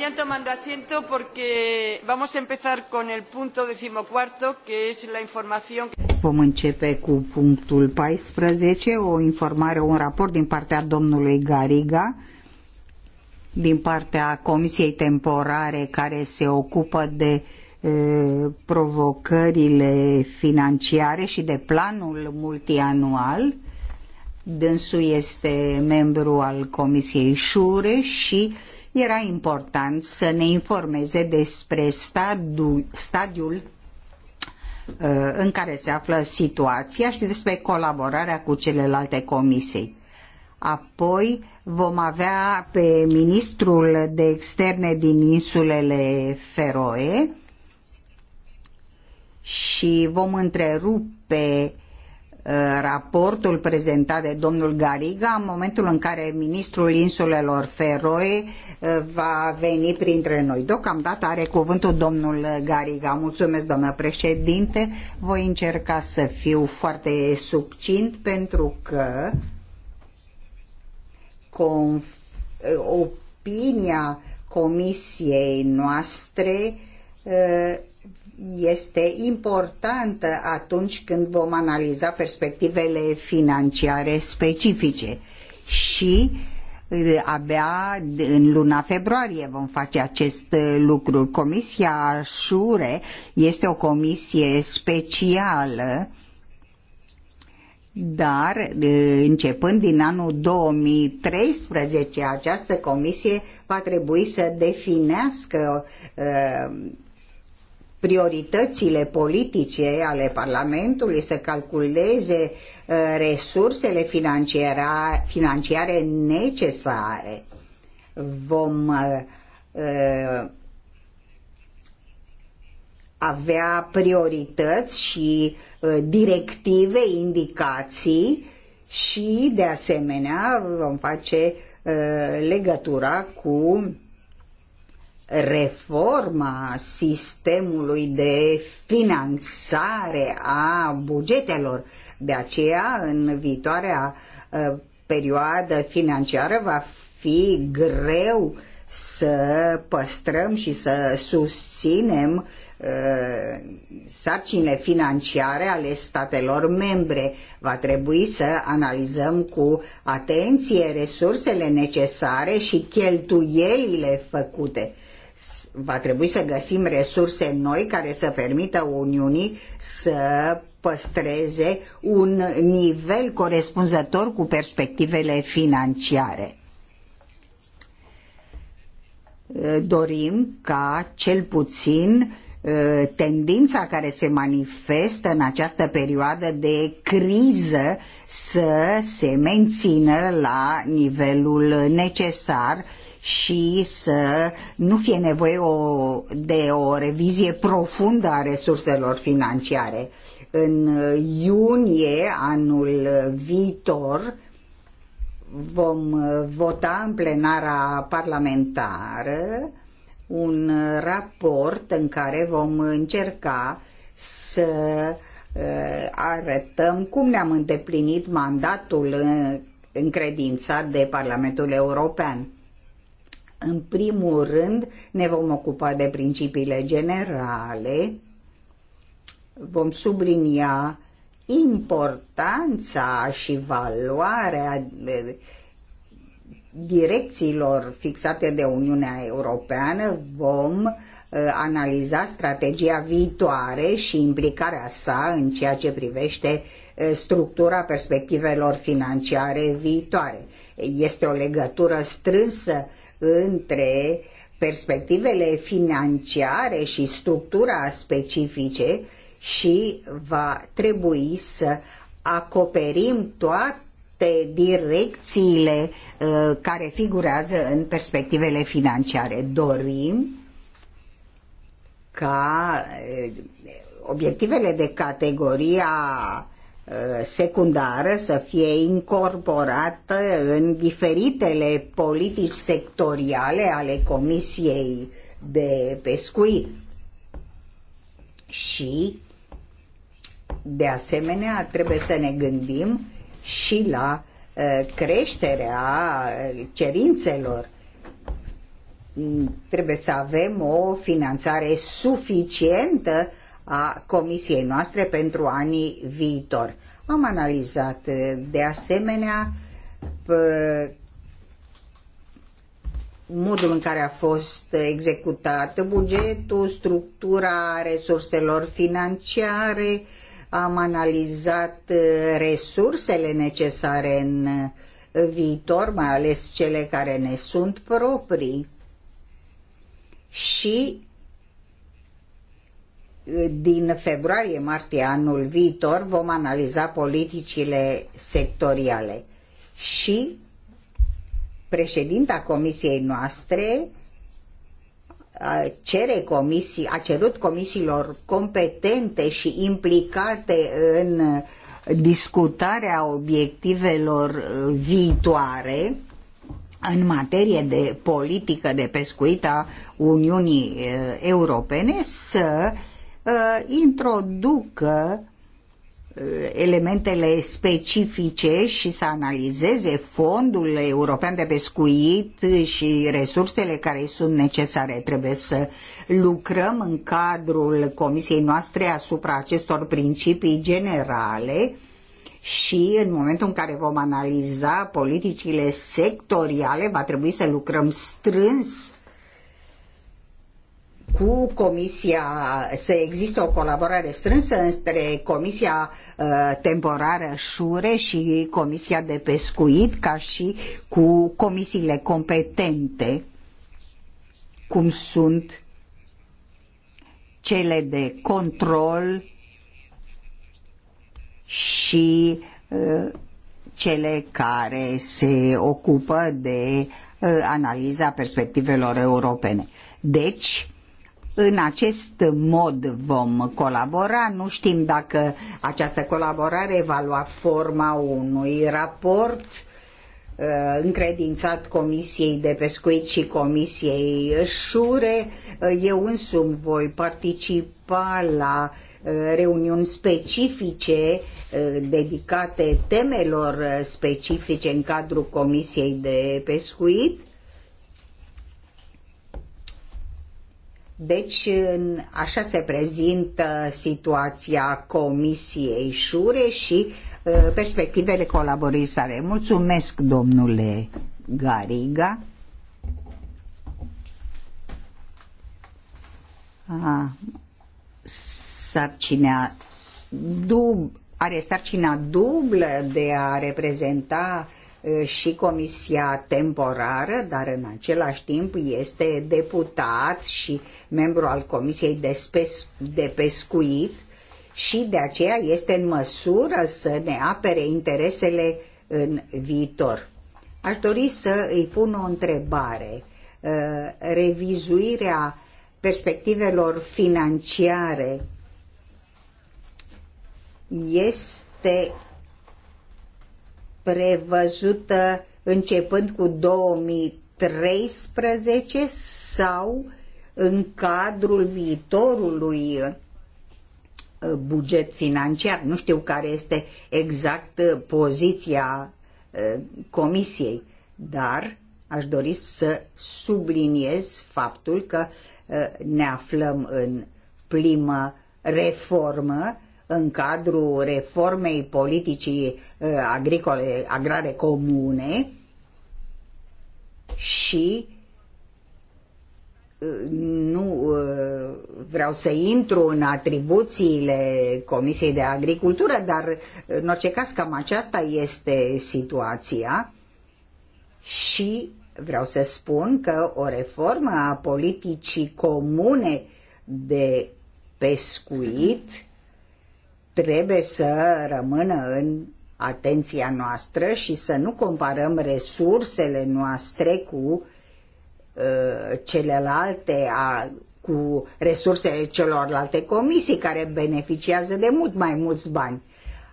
vayan tomando asiento porque vamos a empezar con el punto decimocuarto, que es la información. Vom începe cu punctul 14, o informare, un raport din partea domnului Gariga, din partea Comisiei Temporare care se ocupă de e, provocările financiare și de planul multianual. Dânsul este membru al Comisiei Șure și era important să ne informeze despre stadiul, stadiul uh, în care se află situația și despre colaborarea cu celelalte comisii. Apoi vom avea pe ministrul de externe din insulele Feroe și vom întrerupe Uh, raportul prezentat de domnul Gariga în momentul în care ministrul insulelor Feroe uh, va veni printre noi. Deocamdată are cuvântul domnul Gariga. Mulțumesc, doamnă președinte. Voi încerca să fiu foarte succint pentru că uh, opinia comisiei noastre este importantă atunci când vom analiza perspectivele financiare specifice și eh, abia în luna februarie vom face acest eh, lucru. Comisia Șure este o comisie specială dar eh, începând din anul 2013 această comisie va trebui să definească uh, prioritățile politice ale Parlamentului, să calculeze uh, resursele financiare necesare. Vom uh, uh, avea priorități și directive, indicații și, de asemenea, vom face legătura cu reforma sistemului de finanțare a bugetelor. De aceea, în viitoarea uh, perioadă financiară va fi greu să păstrăm și să susținem uh, sarcinile financiare ale statelor membre. Va trebui să analizăm cu atenție resursele necesare și cheltuielile făcute va trebui să găsim resurse noi care să permită Uniunii să păstreze un nivel corespunzător cu perspectivele financiare. Dorim ca cel puțin ă, tendința care se manifestă în această perioadă de criză să se mențină la nivelul necesar uh, și să nu fie nevoie o, de o revizie profundă a resurselor financiare. În iunie anul viitor vom vota în plenara parlamentară un raport în care vom încerca să uh, arătăm cum ne-am îndeplinit mandatul încredințat de Parlamentul European. În primul rând, ne vom ocupa de principiile generale, vom sublinia importanța și valoarea direcțiilor fixate de Uniunea Europeană, vom uh, analiza strategia viitoare și implicarea sa în ceea ce privește uh, structura perspectivelor financiare viitoare. Este o legătură strânsă între perspectivele financiare și structura specifice și va trebui să acoperim toate direcțiile uh, care figurează în perspectivele financiare. Dorim ca uh, obiectivele de categoria Eh, secundară să fie incorporată în diferitele politici sectoriale ale Comisiei de Pescuit. Și, de asemenea, trebuie să ne gândim și la eh, creșterea eh, cerințelor trebuie să avem o finanțare suficientă a comisiei noastre pentru anii viitor. Am analizat eh, de asemenea modul în care a fost executat bugetul, structura resurselor financiare, am analizat eh, resursele necesare în eh, viitor, mai ales cele care ne sunt proprii și din februarie-martie anul viitor vom analiza politicile sectoriale și președinta comisiei noastre cere comisii, a cerut comisiilor competente și implicate în discutarea obiectivelor uh, viitoare în materie de politică de pescuit a Uniunii uh, Europene să uh, Uh, introducă uh, elementele specifice și să analizeze fondul european de pescuit și resursele care sunt necesare. Trebuie să lucrăm în cadrul comisiei noastre asupra acestor principii generale și în momentul în care vom analiza politicile sectoriale va trebui să lucrăm strâns cu Comisia, să există o colaborare strânsă între Comisia uh, Temporară Șure și Comisia de Pescuit, ca și cu comisiile competente, cum sunt cele de control și uh, cele care se ocupă de uh, analiza perspectivelor europene. Deci, în acest mod vom colabora. Nu știm dacă această colaborare va lua forma unui raport uh, încredințat Comisiei de Pescuit și Comisiei Șure. Uh, eu însumi voi participa la uh, reuniuni specifice dedicate temelor specifice în cadrul Comisiei de Pescuit Deci așa se prezintă situația Comisiei Șure și uh, perspectivele colaborării sale. Mulțumesc, domnule Gariga. A, dub, are sarcina dublă de a reprezenta uh, și comisia temporară, dar în același timp este deputat și membru al comisiei de, spes, de pescuit și de aceea este în măsură să ne apere interesele în viitor. Aș dori să îi pun o întrebare. Revizuirea perspectivelor financiare este prevăzută începând cu 2013 sau în cadrul viitorului uh, buget financiar. Nu știu care este exact uh, poziția uh, comisiei, dar aș dori să subliniez faptul că ne aflăm în primă reformă în cadrul reformei politicii uh, agricole, agrare comune și uh, nu uh, vreau să intru în atribuțiile Comisiei de Agricultură, dar în orice caz cam aceasta este situația și vreau să spun că o reformă a politicii comune de pescuit trebuie să rămână în atenția noastră și să nu comparăm resursele noastre cu uh, celelalte, a, cu resursele celorlalte comisii care beneficiază de mult mai mulți bani.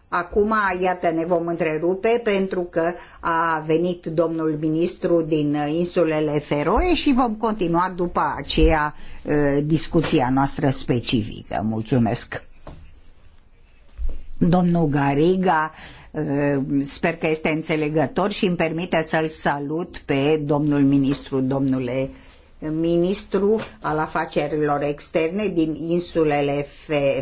Acum, iată, ne vom întrerupe pentru că a venit domnul ministru din insulele Feroe și vom continua după aceea uh, discuția noastră specifică. Mulțumesc! Domnul Gariga, uh, sper că este înțelegător și îmi permite să-l salut pe domnul ministru, domnule ministru al afacerilor externe din insulele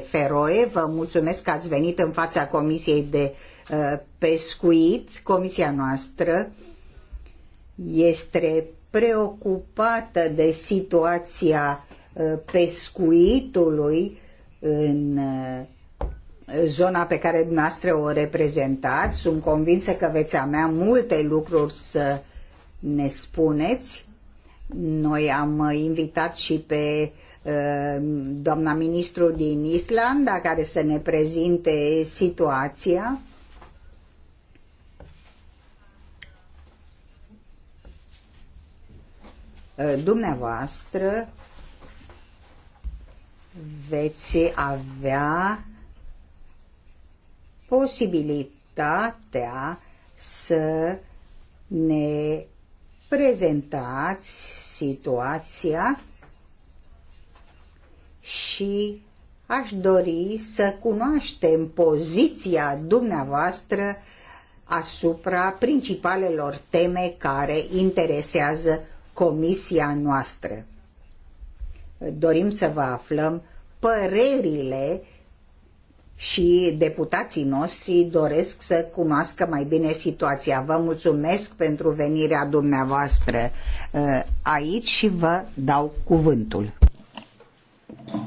Feroe. Vă mulțumesc că ați venit în fața Comisiei de uh, Pescuit. Comisia noastră este preocupată de situația uh, pescuitului în zona pe care dumneavoastră o reprezentați. Sunt convinsă că veți avea multe lucruri să ne spuneți. Noi am invitat și pe uh, doamna ministru din Islanda care să ne prezinte situația. Uh, dumneavoastră veți avea posibilitatea să ne prezentați situația și aș dori să cunoaștem poziția dumneavoastră asupra principalelor teme care interesează comisia noastră. Dorim să vă aflăm părerile și deputații noștri doresc să cunoască mai bine situația. Vă mulțumesc pentru venirea dumneavoastră uh, aici și vă dau cuvântul. Uh,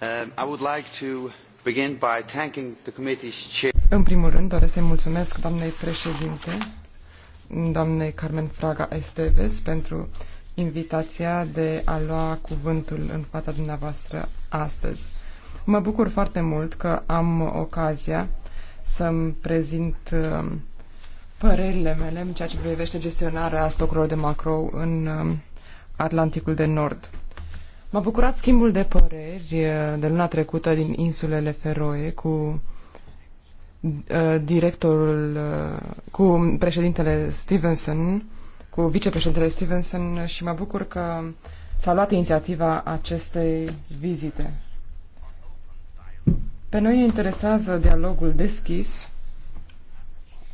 um, I would like to begin by thanking the committee's chair. În primul rând, doresc să-i mulțumesc doamnei președinte, doamnei Carmen Fraga Esteves, pentru uh, invitația de a lua cuvântul în fața dumneavoastră astăzi. Mă bucur foarte mult că am ocazia să-mi prezint uh, părerile mele în ceea ce privește gestionarea stocurilor de macro în uh, Atlanticul de Nord. M-a bucurat schimbul de păreri uh, de luna trecută din insulele Feroe cu directorul, cu președintele Stevenson cu vicepreședintele Stevenson și mă bucur că s-a luat inițiativa acestei vizite. Pe noi interesează dialogul deschis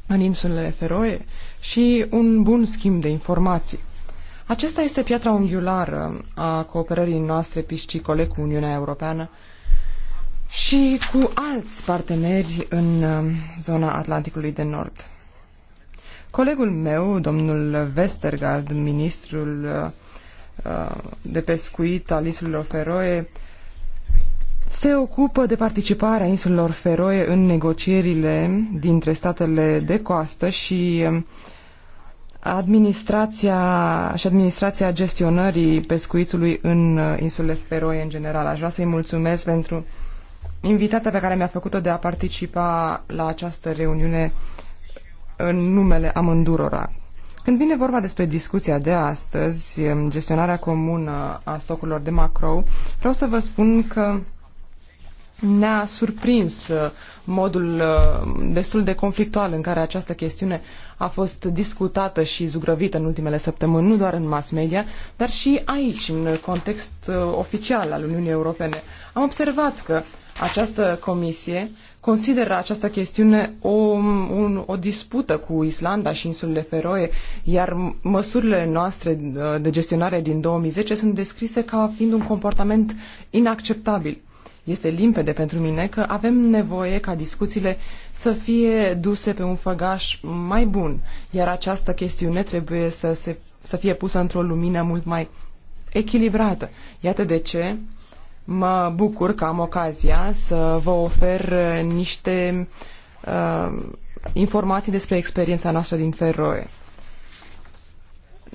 în insulele Feroe și un bun schimb de informații. Acesta este piatra unghiulară a cooperării noastre piscicole cu Uniunea Europeană și cu alți parteneri în um, zona Atlanticului de Nord. Colegul meu, domnul Westergaard, ministrul uh, uh, de pescuit al insulelor Feroe, se ocupă de participarea insulelor Feroe în negocierile dintre statele de coastă și um, administrația și administrația gestionării pescuitului în uh, insulele Feroe în general. Aș vrea să-i mulțumesc pentru invitația pe care mi-a făcut-o de a participa la această reuniune în numele amândurora. Când vine vorba despre discuția de astăzi, gestionarea comună a stocurilor de macro, vreau să vă spun că ne-a surprins uh, modul uh, destul de conflictual în care această chestiune a fost discutată și zugrăvită în ultimele săptămâni, nu doar în mass media, dar și aici, în context uh, oficial al Uniunii Europene. Am observat că această comisie consideră această chestiune o, un, o dispută cu Islanda și insulele Feroe, iar măsurile noastre uh, de gestionare din 2010 sunt descrise ca fiind un comportament inacceptabil este limpede pentru mine că avem nevoie ca discuțiile să fie duse pe un făgaș mai bun, iar această chestiune trebuie să, se, să fie pusă într-o lumină mult mai echilibrată. Iată de ce mă bucur că am ocazia să vă ofer uh, niște uh, informații despre experiența noastră din Feroe.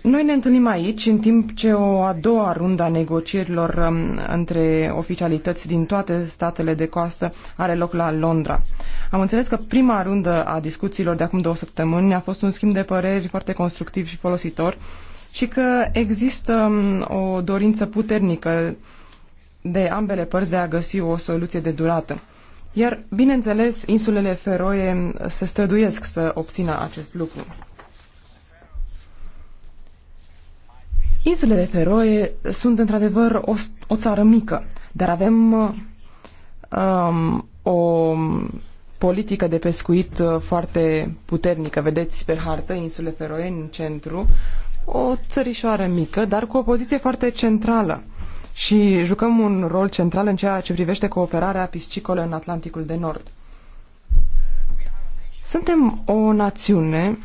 Noi ne întâlnim aici în timp ce o a doua rundă a negocierilor um, între oficialități din toate statele de coastă are loc la Londra. Am înțeles că prima rundă a discuțiilor de acum două săptămâni a fost un schimb de păreri foarte constructiv și folositor și că există um, o dorință puternică de ambele părți de a găsi o soluție de durată. Iar, bineînțeles, insulele Feroe se străduiesc să obțină acest lucru. Insulele Feroe sunt într-adevăr o, o țară mică, dar avem um, o politică de pescuit uh, foarte puternică. Vedeți pe hartă insulele Feroe în centru, o țărișoară mică, dar cu o poziție foarte centrală. Și jucăm un rol central în ceea ce privește cooperarea piscicolă în Atlanticul de Nord. Suntem o națiune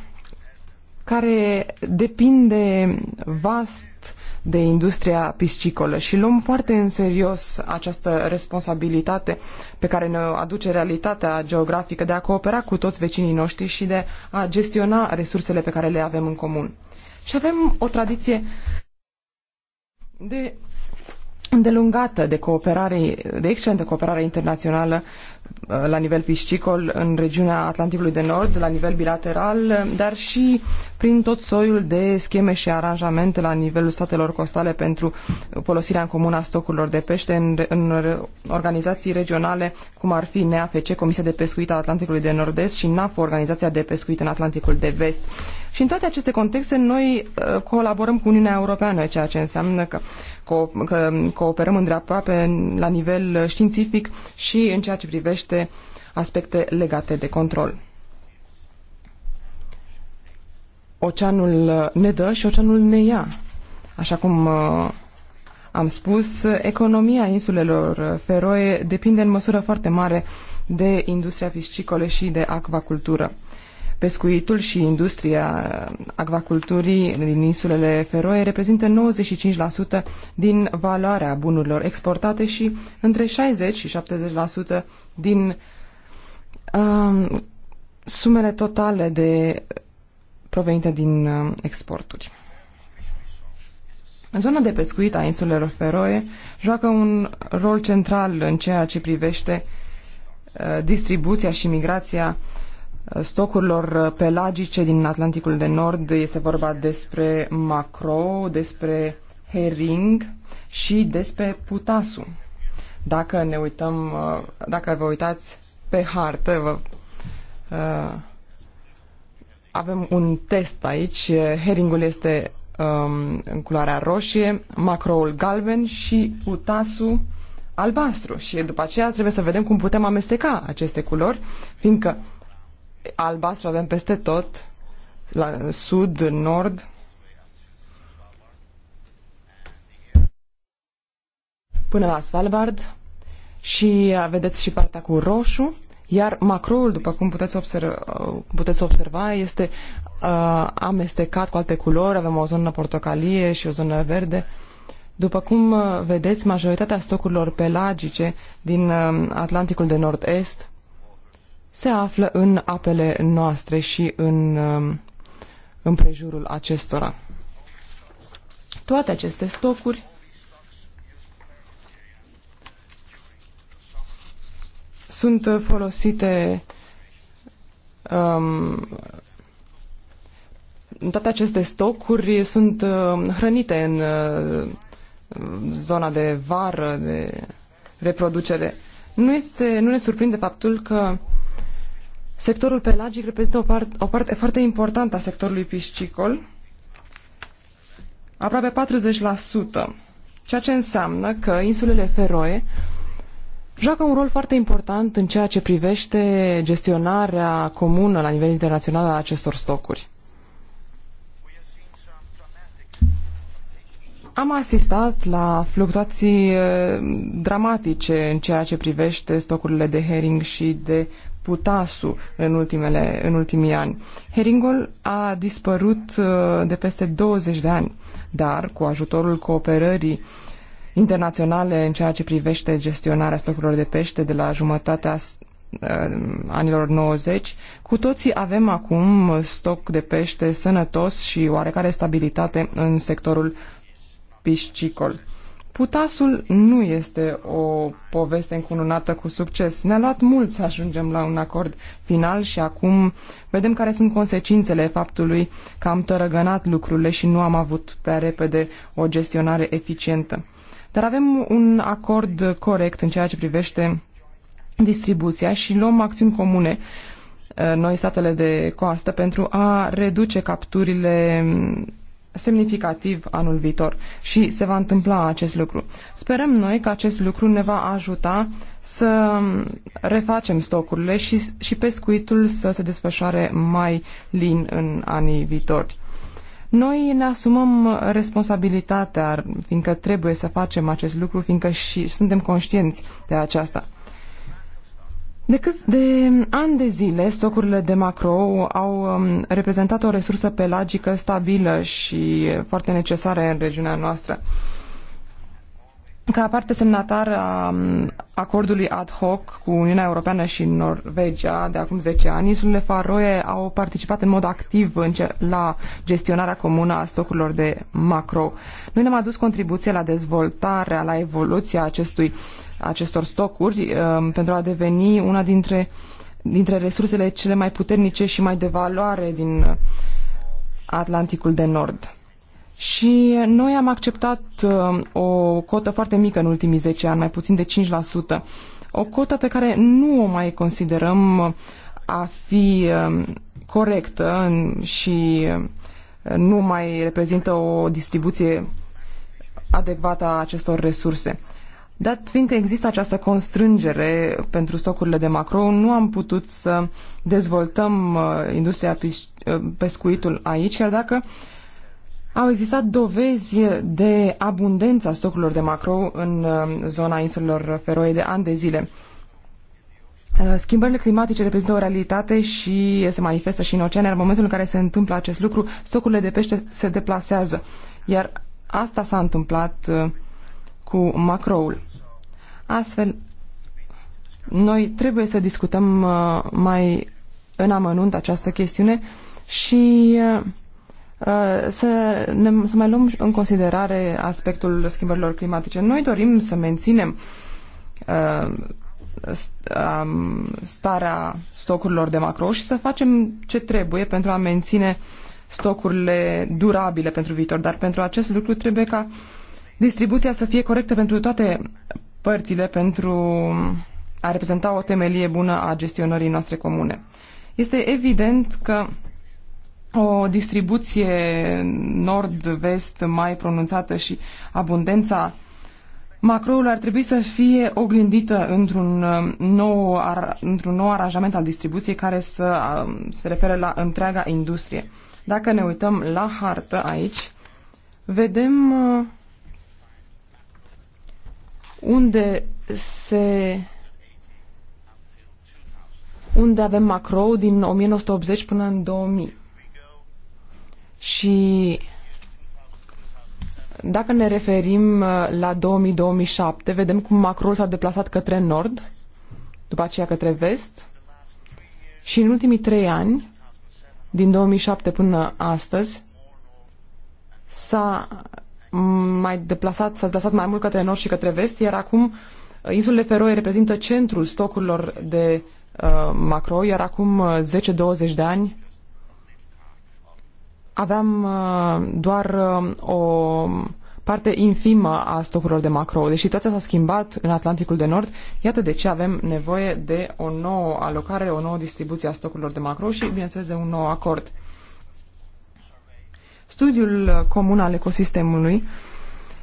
care depinde vast de industria piscicolă și luăm foarte în serios această responsabilitate pe care ne aduce realitatea geografică de a coopera cu toți vecinii noștri și de a gestiona resursele pe care le avem în comun. Și avem o tradiție de îndelungată de cooperare, de excelentă cooperare internațională la nivel piscicol în regiunea Atlanticului de Nord, la nivel bilateral, dar și prin tot soiul de scheme și aranjamente la nivelul statelor costale pentru folosirea în comun a stocurilor de pește în, în organizații regionale, cum ar fi NAFC, Comisia de Pescuit a Atlanticului de Nord-Est și NAFO, Organizația de Pescuit în Atlanticul de Vest. Și în toate aceste contexte noi uh, colaborăm cu Uniunea Europeană, ceea ce înseamnă că, co- că cooperăm îndreaproape la nivel uh, științific și în ceea ce privește aspecte legate de control. Oceanul uh, ne dă și oceanul ne ia. Așa cum am spus, economia insulelor Feroe depinde în măsură foarte mare de industria piscicole și de acvacultură. Pescuitul și industria acvaculturii din insulele Feroe reprezintă 95% din valoarea bunurilor exportate și între 60 și 70% din um, sumele totale de provenite din um, exporturi. Zona de pescuit a insulelor Feroe joacă un rol central în ceea ce privește uh, distribuția și migrația uh, stocurilor pelagice din Atlanticul de Nord. Este vorba despre macro, despre herring și despre putasu. Dacă ne uităm, uh, dacă vă uitați pe hartă, vă, uh, avem un test aici. Heringul este um, în culoarea roșie, macroul galben și putasu albastru. Și după aceea trebuie să vedem cum putem amesteca aceste culori, fiindcă albastru avem peste tot, la sud, în nord. Până la Svalbard și uh, vedeți și partea cu roșu, iar macroul, după cum puteți, observ, uh, puteți observa, este uh, amestecat cu alte culori, avem o zonă portocalie și o zonă verde. După cum uh, vedeți, majoritatea stocurilor pelagice din Atlanticul de Nord-Est se află în apele noastre și în um, împrejurul acestora. Toate aceste stocuri sunt folosite um, toate aceste stocuri sunt uh, hrănite în uh, zona de vară, de reproducere. Nu, este, nu ne surprinde faptul că Sectorul pelagic reprezintă o, parte o parte foarte importantă a sectorului piscicol, aproape 40%, ceea ce înseamnă că insulele Feroe joacă un rol foarte important în ceea ce privește gestionarea comună la nivel internațional a acestor stocuri. Am asistat la fluctuații eh, dramatice în ceea ce privește stocurile de herring și de putasu în, ultimele, în ultimii ani. Heringol a dispărut uh, de peste 20 de ani, dar cu ajutorul cooperării internaționale în ceea ce privește gestionarea stocurilor de pește de la jumătatea uh, anilor 90, cu toții avem acum stoc de pește sănătos și oarecare stabilitate în sectorul piscicol. Putasul nu este o poveste încununată cu succes. Ne-a luat mult să ajungem la un acord final și acum vedem care sunt consecințele faptului că am tărăgănat lucrurile și nu am avut prea repede o gestionare eficientă. Dar avem un acord corect în ceea ce privește distribuția și luăm acțiuni comune eh, noi statele de coastă pentru a reduce capturile semnificativ anul viitor și se va întâmpla acest lucru. Sperăm noi că acest lucru ne va ajuta să refacem stocurile și, și pescuitul să se desfășoare mai lin în anii viitori. Noi ne asumăm responsabilitatea, fiindcă trebuie să facem acest lucru, fiindcă și suntem conștienți de aceasta. De, câți, de ani de zile, stocurile de macro au um, reprezentat o resursă pelagică stabilă și foarte necesară în regiunea noastră. Ca parte semnatară a um, acordului ad hoc cu Uniunea Europeană și Norvegia de acum 10 ani, insulele Faroe au participat în mod activ în ce, la gestionarea comună a stocurilor de macro. Noi ne-am adus contribuție la dezvoltarea, la evoluția acestui uh, acestor stocuri um, pentru a deveni una dintre, dintre resursele cele mai puternice și mai de valoare din uh, Atlanticul de Nord. Și noi am acceptat uh, o cotă foarte mică în ultimii 10 ani, mai puțin de 5%, o cotă pe care nu o mai considerăm uh, a fi um, corectă și nu mai reprezintă o distribuție adecvată a acestor resurse. Dat fiindcă există această constrângere pentru stocurile de macro, nu am putut să dezvoltăm uh, industria uh, pescuitul aici, chiar dacă au existat dovezi de abundența stocurilor de macro în uh, zona insulelor Feroe de ani de zile. Schimbările climatice reprezintă o realitate și se manifestă și în iar În momentul în care se întâmplă acest lucru, stocurile de pește se deplasează. Iar asta s-a întâmplat cu macroul. Astfel, noi trebuie să discutăm uh, mai în amănunt această chestiune și uh, uh, să, ne, să mai luăm în considerare aspectul schimbărilor climatice. Noi dorim să menținem um, starea stocurilor de macro și să facem ce trebuie pentru a menține stocurile durabile pentru viitor, dar pentru acest lucru trebuie ca distribuția să fie corectă pentru toate părțile pentru a reprezenta o temelie bună a gestionării noastre comune. Este evident că o distribuție nord-vest mai pronunțată și abundența macroul ar trebui să fie oglindită într-un uh, nou, într-un nou aranjament al distribuției care să uh, se refere la întreaga industrie. Dacă ne uităm la hartă aici, vedem uh, unde se unde avem Macro din 1980 până în 2000. Și dacă ne referim uh, la 2000-2007, vedem cum Macro s-a deplasat către nord, după aceea către vest. Și în ultimii trei ani, din 2007 până astăzi, s-a mai deplasat, s-a deplasat mai mult către nord și către vest, iar acum uh, insulele Feroe reprezintă centrul stocurilor de uh, macro, iar acum 10-20 uh, de ani aveam uh, doar uh, o parte infimă a stocurilor de macro. Deci situația s-a schimbat în Atlanticul de Nord. Iată de ce avem nevoie de o nouă alocare, o nouă distribuție a stocurilor de macro și, bineînțeles, de un nou acord. Studiul comun al ecosistemului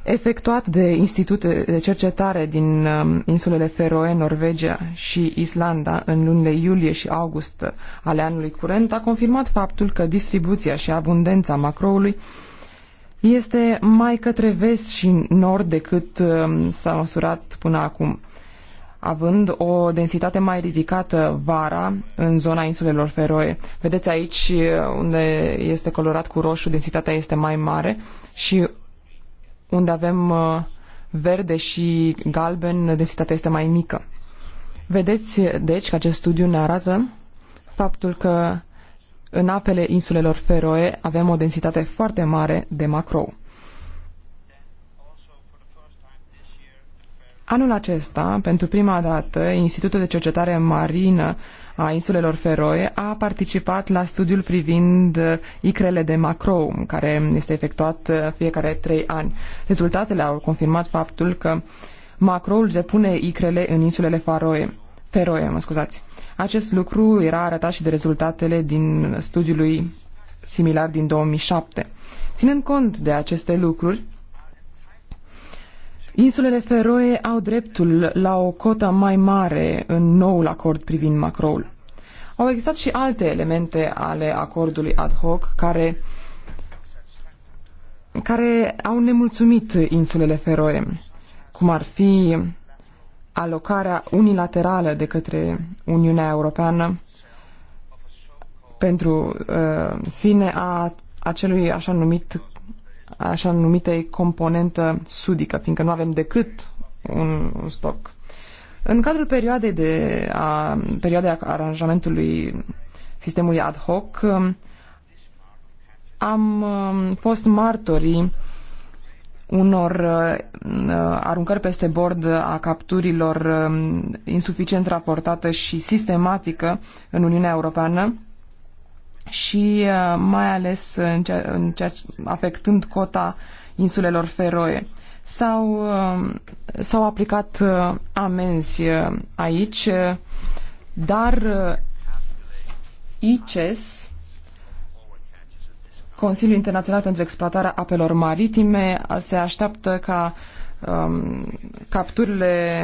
efectuat de institute de cercetare din um, insulele Feroe, Norvegia și Islanda în lunile iulie și august ale anului curent a confirmat faptul că distribuția și abundența macroului este mai către vest și nord decât um, s-a măsurat până acum având o densitate mai ridicată vara în zona insulelor Feroe. Vedeți aici uh, unde este colorat cu roșu, densitatea este mai mare și unde avem uh, verde și galben, densitatea este mai mică. Vedeți, deci, că acest studiu ne arată faptul că în apele insulelor Feroe avem o densitate foarte mare de macrou. Anul acesta, pentru prima dată, Institutul de Cercetare Marină a insulelor Feroe a participat la studiul privind icrele de macro, care este efectuat uh, fiecare trei ani. Rezultatele au confirmat faptul că macroul depune icrele în insulele Faroe. Feroe, mă scuzați. Acest lucru era arătat și de rezultatele din studiului similar din 2007. Ținând cont de aceste lucruri, Insulele Feroe au dreptul la o cotă mai mare în noul acord privind macroul. Au existat și alte elemente ale acordului ad hoc care, care au nemulțumit insulele Feroe, cum ar fi alocarea unilaterală de către Uniunea Europeană pentru uh, sine a acelui așa numit așa numitei componentă sudică, fiindcă nu avem decât un, un stoc. În cadrul perioadei de a, perioadei aranjamentului sistemului ad hoc, am um, fost martorii unor uh, aruncări peste bord a capturilor um, insuficient raportată și sistematică în Uniunea Europeană, și uh, mai ales în ceea, în ceea, afectând cota insulelor feroe. S-au, um, s-au aplicat uh, amenzi uh, aici, dar ICES, Consiliul Internațional pentru Exploatarea Apelor Maritime, se așteaptă ca um, capturile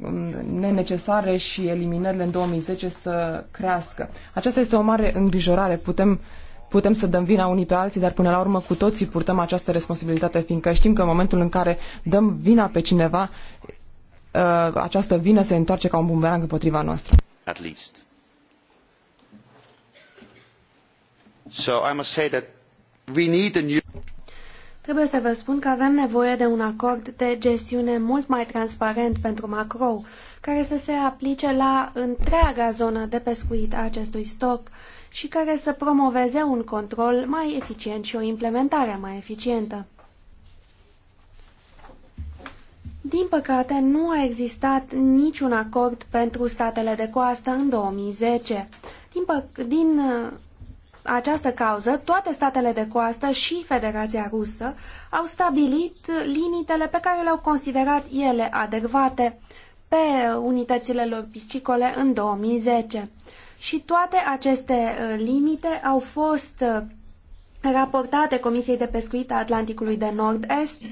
Uh, nenecesare și eliminările în 2010 să crească. Aceasta este o mare îngrijorare. Putem, putem să dăm vina unii pe alții, dar până la urmă cu toții purtăm această responsabilitate, fiindcă știm că în momentul în care dăm vina pe cineva, uh, această vină se întoarce ca un bumerang împotriva noastră. At least. So I must say that we need a new Trebuie să vă spun că avem nevoie de un acord de gestiune mult mai transparent pentru macro, care să se aplice la întreaga zonă de pescuit a acestui stoc și care să promoveze un control mai eficient și o implementare mai eficientă. Din păcate, nu a existat niciun acord pentru statele de coastă în 2010. Din, din această cauză, toate statele de coastă și Federația Rusă au stabilit limitele pe care le-au considerat ele adecvate pe unitățile lor piscicole în 2010. Și toate aceste uh, limite au fost uh, raportate Comisiei de Pescuit a Atlanticului de Nord-Est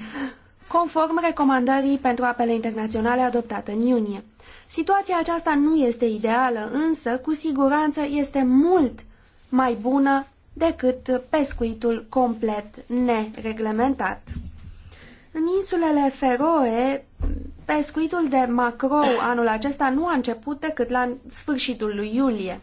conform recomandării pentru apele internaționale adoptate în iunie. Situația aceasta nu este ideală, însă cu siguranță este mult mai bună decât pescuitul complet nereglementat. În insulele Feroe, pescuitul de macrou anul acesta nu a început decât la sfârșitul lui iulie.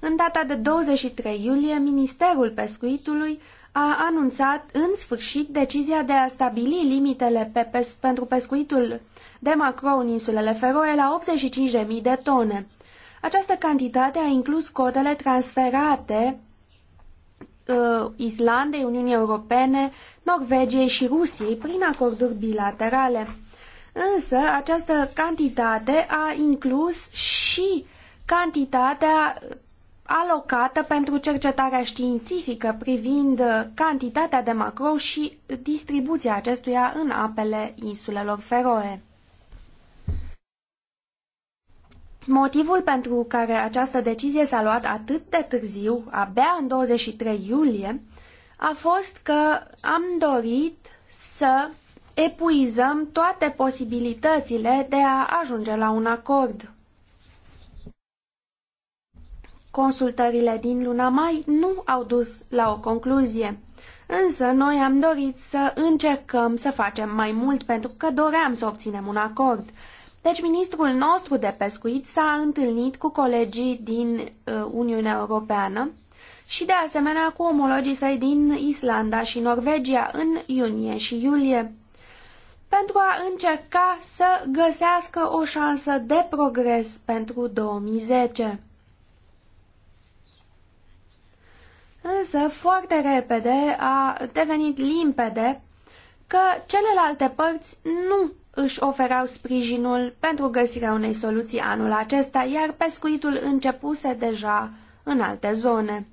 În data de 23 iulie, Ministerul Pescuitului a anunțat în sfârșit decizia de a stabili limitele pe pes- pentru pescuitul de macro în insulele Feroe la 85.000 de tone. Această cantitate a inclus cotele transferate uh, Islandei, Uniunii Europene, Norvegiei și Rusiei prin acorduri bilaterale. Însă, această cantitate a inclus și cantitatea alocată pentru cercetarea științifică privind cantitatea de macrou și distribuția acestuia în apele insulelor Feroe. Motivul pentru care această decizie s-a luat atât de târziu, abia în 23 iulie, a fost că am dorit să epuizăm toate posibilitățile de a ajunge la un acord. Consultările din luna mai nu au dus la o concluzie, însă noi am dorit să încercăm să facem mai mult pentru că doream să obținem un acord deci, ministrul nostru de pescuit s-a întâlnit cu colegii din uh, Uniunea Europeană și, de asemenea, cu omologii săi din Islanda și Norvegia în iunie și iulie pentru a încerca să găsească o șansă de progres pentru 2010. Însă, foarte repede a devenit limpede că celelalte părți nu își ofereau sprijinul pentru găsirea unei soluții anul acesta, iar pescuitul începuse deja în alte zone.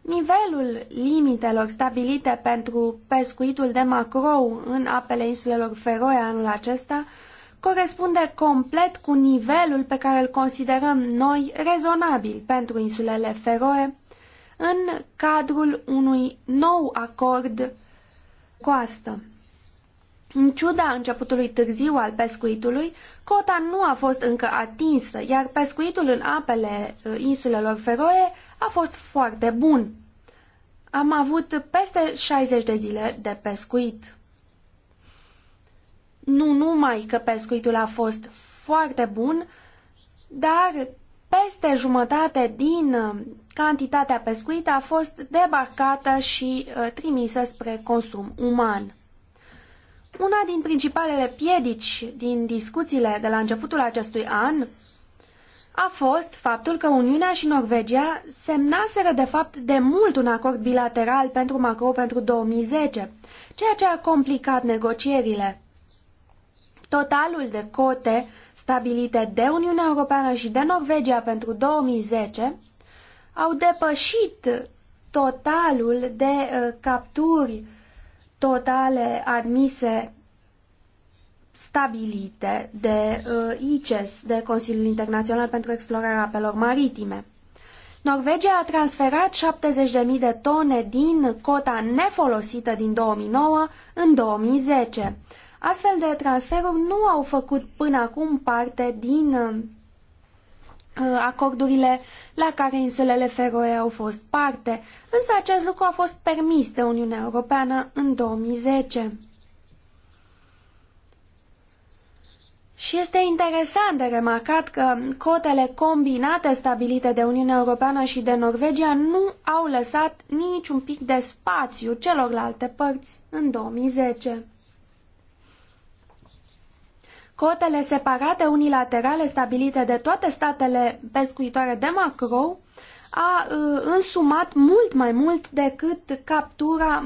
Nivelul limitelor stabilite pentru pescuitul de macrou în apele insulelor Feroe anul acesta corespunde complet cu nivelul pe care îl considerăm noi rezonabil pentru insulele Feroe în cadrul unui nou acord coastă. În ciuda începutului târziu al pescuitului, cota nu a fost încă atinsă, iar pescuitul în apele uh, insulelor Feroe a fost foarte bun. Am avut peste 60 de zile de pescuit. Nu numai că pescuitul a fost foarte bun, dar peste jumătate din uh, cantitatea pescuită a fost debarcată și uh, trimisă spre consum uman. Una din principalele piedici din discuțiile de la începutul acestui an a fost faptul că Uniunea și Norvegia semnaseră de fapt de mult un acord bilateral pentru Macro pentru 2010, ceea ce a complicat negocierile. Totalul de cote stabilite de Uniunea Europeană și de Norvegia pentru 2010 au depășit totalul de uh, capturi totale admise stabilite de uh, ICES, de Consiliul Internațional pentru Explorarea Apelor Maritime. Norvegia a transferat 70.000 de tone din cota nefolosită din 2009 în 2010. Astfel de transferuri nu au făcut până acum parte din uh, Uh, acordurile la care insulele Feroe au fost parte, însă acest lucru a fost permis de Uniunea Europeană în 2010. Și este interesant de remarcat că cotele combinate stabilite de Uniunea Europeană și de Norvegia nu au lăsat niciun pic de spațiu celorlalte părți în 2010. Cotele separate unilaterale stabilite de toate statele pescuitoare de macrou a uh, însumat mult mai mult decât captura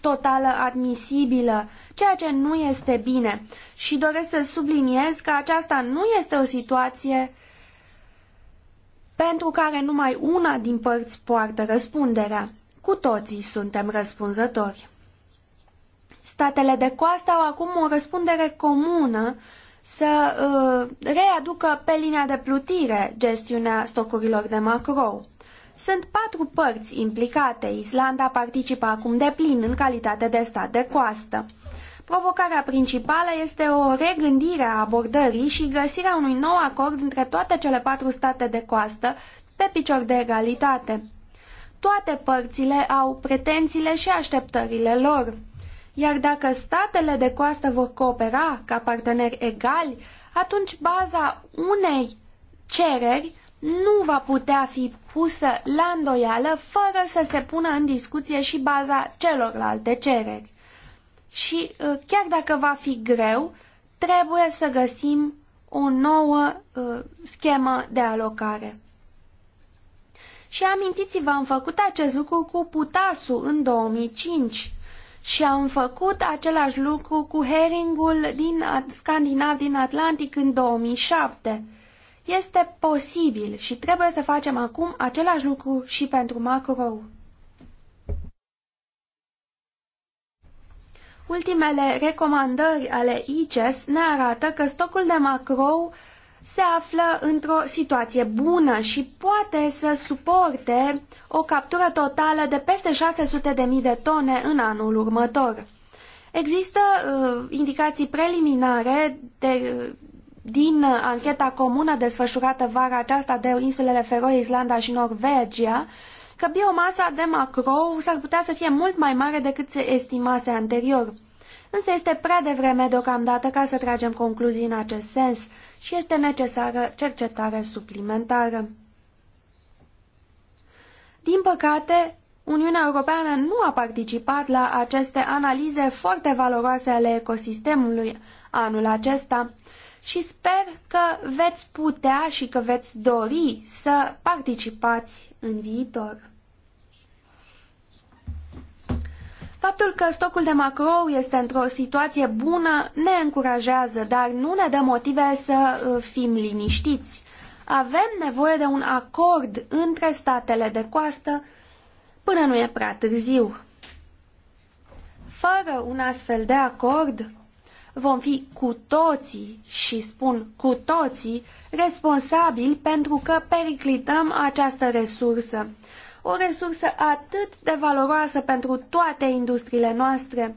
totală admisibilă, ceea ce nu este bine. Și doresc să subliniez că aceasta nu este o situație pentru care numai una din părți poartă răspunderea. Cu toții suntem răspunzători. Statele de coastă au acum o răspundere comună să uh, readucă pe linia de plutire gestiunea stocurilor de macrou. Sunt patru părți implicate. Islanda participă acum de plin în calitate de stat de coastă. Provocarea principală este o regândire a abordării și găsirea unui nou acord între toate cele patru state de coastă pe picior de egalitate. Toate părțile au pretențiile și așteptările lor. Iar dacă statele de coastă vor coopera ca parteneri egali, atunci baza unei cereri nu va putea fi pusă la îndoială fără să se pună în discuție și baza celorlalte cereri. Și ă, chiar dacă va fi greu, trebuie să găsim o nouă uh, schemă de alocare. Și amintiți-vă, am făcut acest lucru cu Putasu în 2005. Și am făcut același lucru cu heringul din scandinav din Atlantic în 2007. Este posibil și trebuie să facem acum același lucru și pentru macrou. Ultimele recomandări ale ICES ne arată că stocul de macrou se află într-o situație bună și poate să suporte o captură totală de peste 600.000 de tone în anul următor. Există uh, indicații preliminare de, uh, din uh, ancheta comună desfășurată vara aceasta de insulele Feroe, Islanda și Norvegia că biomasa de macrou s-ar putea să fie mult mai mare decât se estimase anterior. Însă este prea devreme deocamdată ca să tragem concluzii în acest sens și este necesară cercetare suplimentară. Din păcate, Uniunea Europeană nu a participat la aceste analize foarte valoroase ale ecosistemului anul acesta și sper că veți putea și că veți dori să participați în viitor. Faptul că stocul de macrou este într-o situație bună ne încurajează, dar nu ne dă motive să uh, fim liniștiți. Avem nevoie de un acord între statele de coastă până nu e prea târziu. Fără un astfel de acord, vom fi cu toții, și spun cu toții, responsabili pentru că periclităm această resursă o resursă atât de valoroasă pentru toate industriile noastre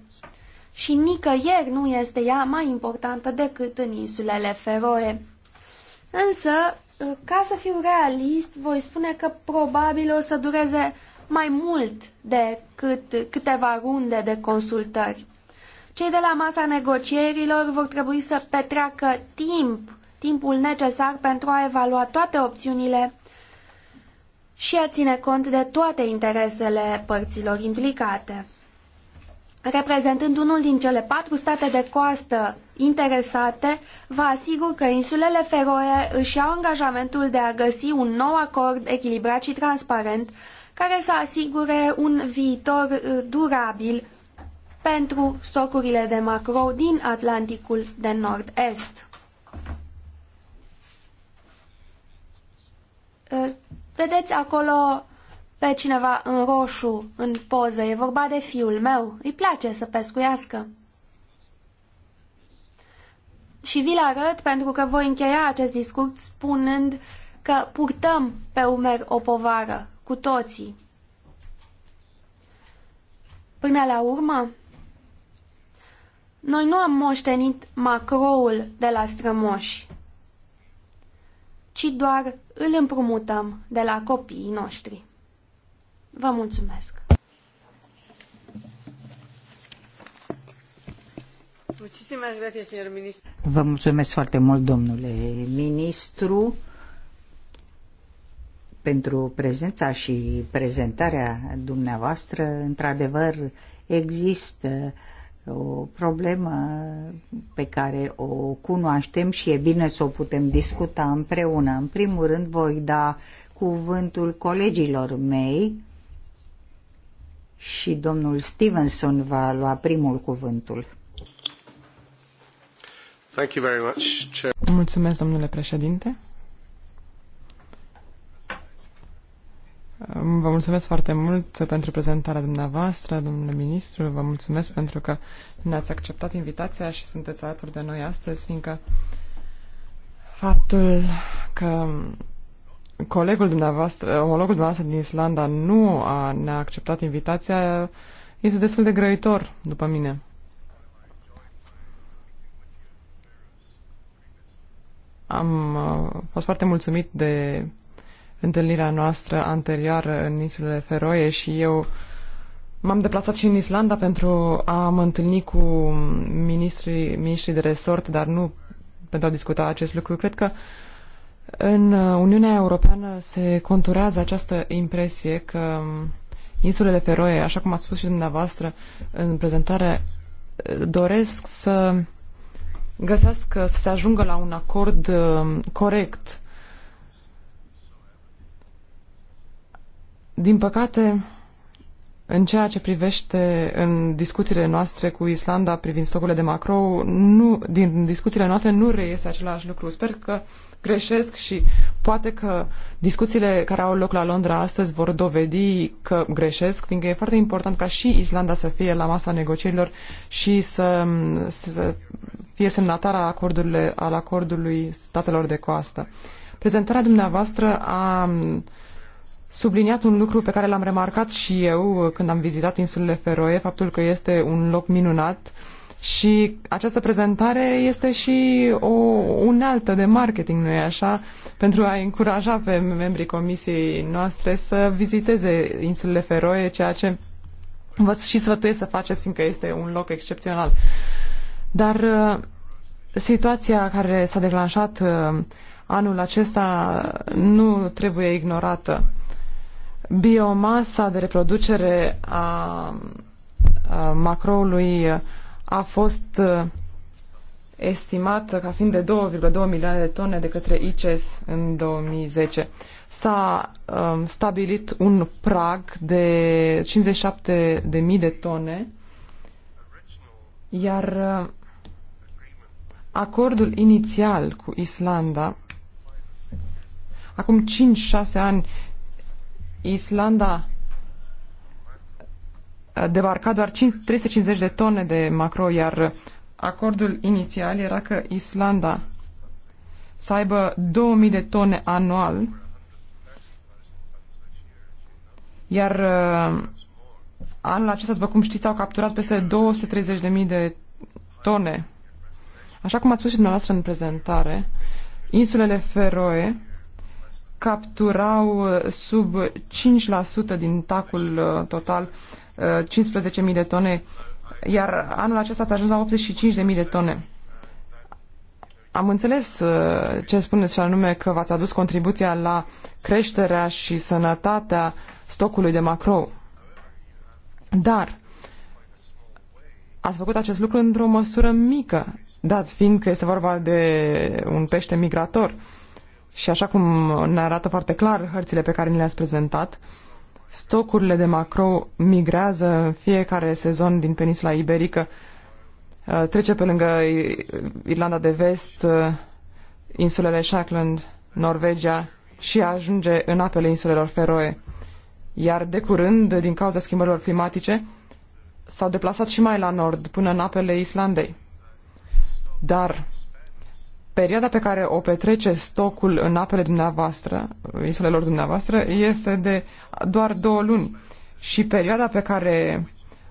și nicăieri nu este ea mai importantă decât în insulele Feroe. Însă, ca să fiu realist, voi spune că probabil o să dureze mai mult decât câteva runde de consultări. Cei de la masa negocierilor vor trebui să petreacă timp, timpul necesar pentru a evalua toate opțiunile și a ține cont de toate interesele părților implicate. Reprezentând unul din cele patru state de coastă interesate, vă asigur că insulele Feroe își au angajamentul de a găsi un nou acord echilibrat și transparent care să asigure un viitor uh, durabil pentru stocurile de macro din Atlanticul de Nord-Est. Uh, Vedeți acolo pe cineva în roșu, în poză, e vorba de fiul meu, îi place să pescuiască. Și vi-l arăt pentru că voi încheia acest discurs spunând că purtăm pe umer o povară, cu toții. Până la urmă, noi nu am moștenit macroul de la strămoși, ci doar îl împrumutăm de la copiii noștri. Vă mulțumesc! Vă mulțumesc foarte mult, domnule ministru, pentru prezența și prezentarea dumneavoastră. Într-adevăr, există o problemă pe care o cunoaștem și e bine să o putem discuta împreună. În primul rând voi da cuvântul colegilor mei și domnul Stevenson va lua primul cuvântul. Thank you very much, Mulțumesc, domnule președinte. Vă mulțumesc foarte mult pentru prezentarea dumneavoastră, domnule ministru. Vă mulțumesc pentru că ne-ați acceptat invitația și sunteți alături de noi astăzi, fiindcă faptul că colegul dumneavoastră, omologul dumneavoastră din Islanda nu a, ne-a acceptat invitația este destul de grăitor, după mine. Am uh, fost foarte mulțumit de întâlnirea noastră anterioară în insulele Feroe și eu m-am deplasat și în Islanda pentru a mă întâlni cu ministrii, ministrii de resort, dar nu pentru a discuta acest lucru. Cred că în uh, Uniunea Europeană se conturează această impresie că insulele Feroe, așa cum ați spus și dumneavoastră în prezentare, doresc să găsească, să se ajungă la un acord uh, corect Din păcate, în ceea ce privește în discuțiile noastre cu Islanda privind stocurile de macro, nu, din discuțiile noastre nu reiese același lucru. Sper că greșesc și poate că discuțiile care au loc la Londra astăzi vor dovedi că greșesc, fiindcă e foarte important ca și Islanda să fie la masa negocierilor și să, să fie semnatară a acordurile, al acordului statelor de coastă. Prezentarea dumneavoastră a subliniat un lucru pe care l-am remarcat și eu când am vizitat insulele Feroe, faptul că este un loc minunat și această prezentare este și o unealtă de marketing, nu-i așa? Pentru a încuraja pe membrii comisiei noastre să viziteze insulele Feroe, ceea ce vă și sfătuiesc să faceți, fiindcă este un loc excepțional. Dar uh, situația care s-a declanșat uh, anul acesta nu trebuie ignorată biomasa de reproducere a, a macroului a fost uh, estimată ca fiind de 2,2 milioane de tone de către ICES în 2010. S-a um, stabilit un prag de 57.000 de tone, iar uh, acordul inițial cu Islanda, acum 5-6 ani, Islanda debarca doar 350 de tone de macro, iar acordul inițial era că Islanda să aibă 2000 de tone anual, iar uh, anul acesta, după cum știți, au capturat peste 230.000 de tone. Așa cum ați spus și dumneavoastră în prezentare, insulele Feroe capturau uh, sub 5% din tacul uh, total 15.000 uh, de tone, iar anul acesta s-a ajuns la 85.000 de tone. Am înțeles ce spuneți și anume că v-ați adus contribuția la creșterea și sănătatea stocului de macro. Dar ați făcut acest lucru într-o măsură mică, dat fiind că este vorba de un pește migrator. Uh, și așa cum ne arată foarte clar hărțile pe care ni le-ați prezentat, stocurile de macro migrează în fiecare sezon din peninsula iberică, uh, trece pe lângă Irlanda de Vest, uh, insulele Shetland, Norvegia și ajunge în apele insulelor Feroe. Iar de curând, din cauza schimbărilor climatice, s-au deplasat și mai la nord, până în apele Islandei. Dar perioada pe care o petrece stocul în apele dumneavoastră, insulelor dumneavoastră, este de doar două luni. Și perioada pe care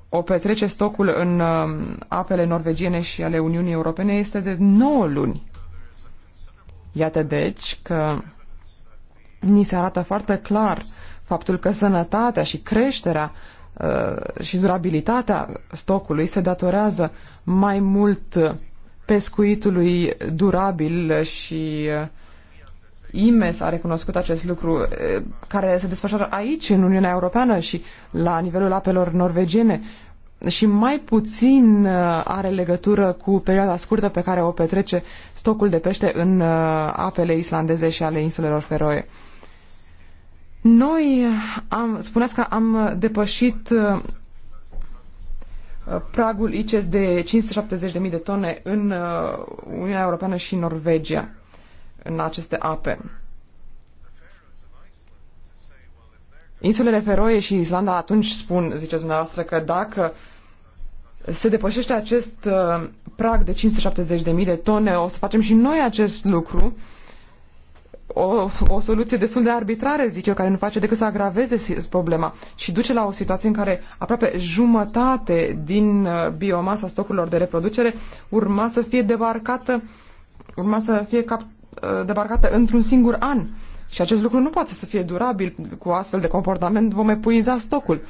o petrece stocul în um, apele norvegiene și ale Uniunii Europene este de 9 luni. Iată deci că ni se arată foarte clar faptul că sănătatea și creșterea uh, și durabilitatea stocului se datorează mai mult pescuitului durabil și uh, IMES a recunoscut acest lucru, uh, care se desfășoară aici, în Uniunea Europeană și la nivelul apelor norvegiene și mai puțin uh, are legătură cu perioada scurtă pe care o petrece stocul de pește în apele islandeze și ale insulelor Feroe. Noi am, spuneați că am depășit Uh, pragul ICES de 570.000 de tone în uh, Uniunea Europeană și Norvegia, în aceste ape. Insulele Feroe și Islanda atunci spun, ziceți dumneavoastră, că dacă se depășește acest uh, prag de 570.000 de tone, o să facem și noi acest lucru uh, o, o soluție destul de arbitrară, zic eu, care nu face decât să agraveze problema și duce la o situație în care aproape jumătate din uh, biomasa stocurilor de reproducere urma să fie debarcată, urma să fie cap, uh, debarcată într-un singur an. Și acest lucru nu poate să fie durabil cu astfel de comportament, vom epuiza stocul.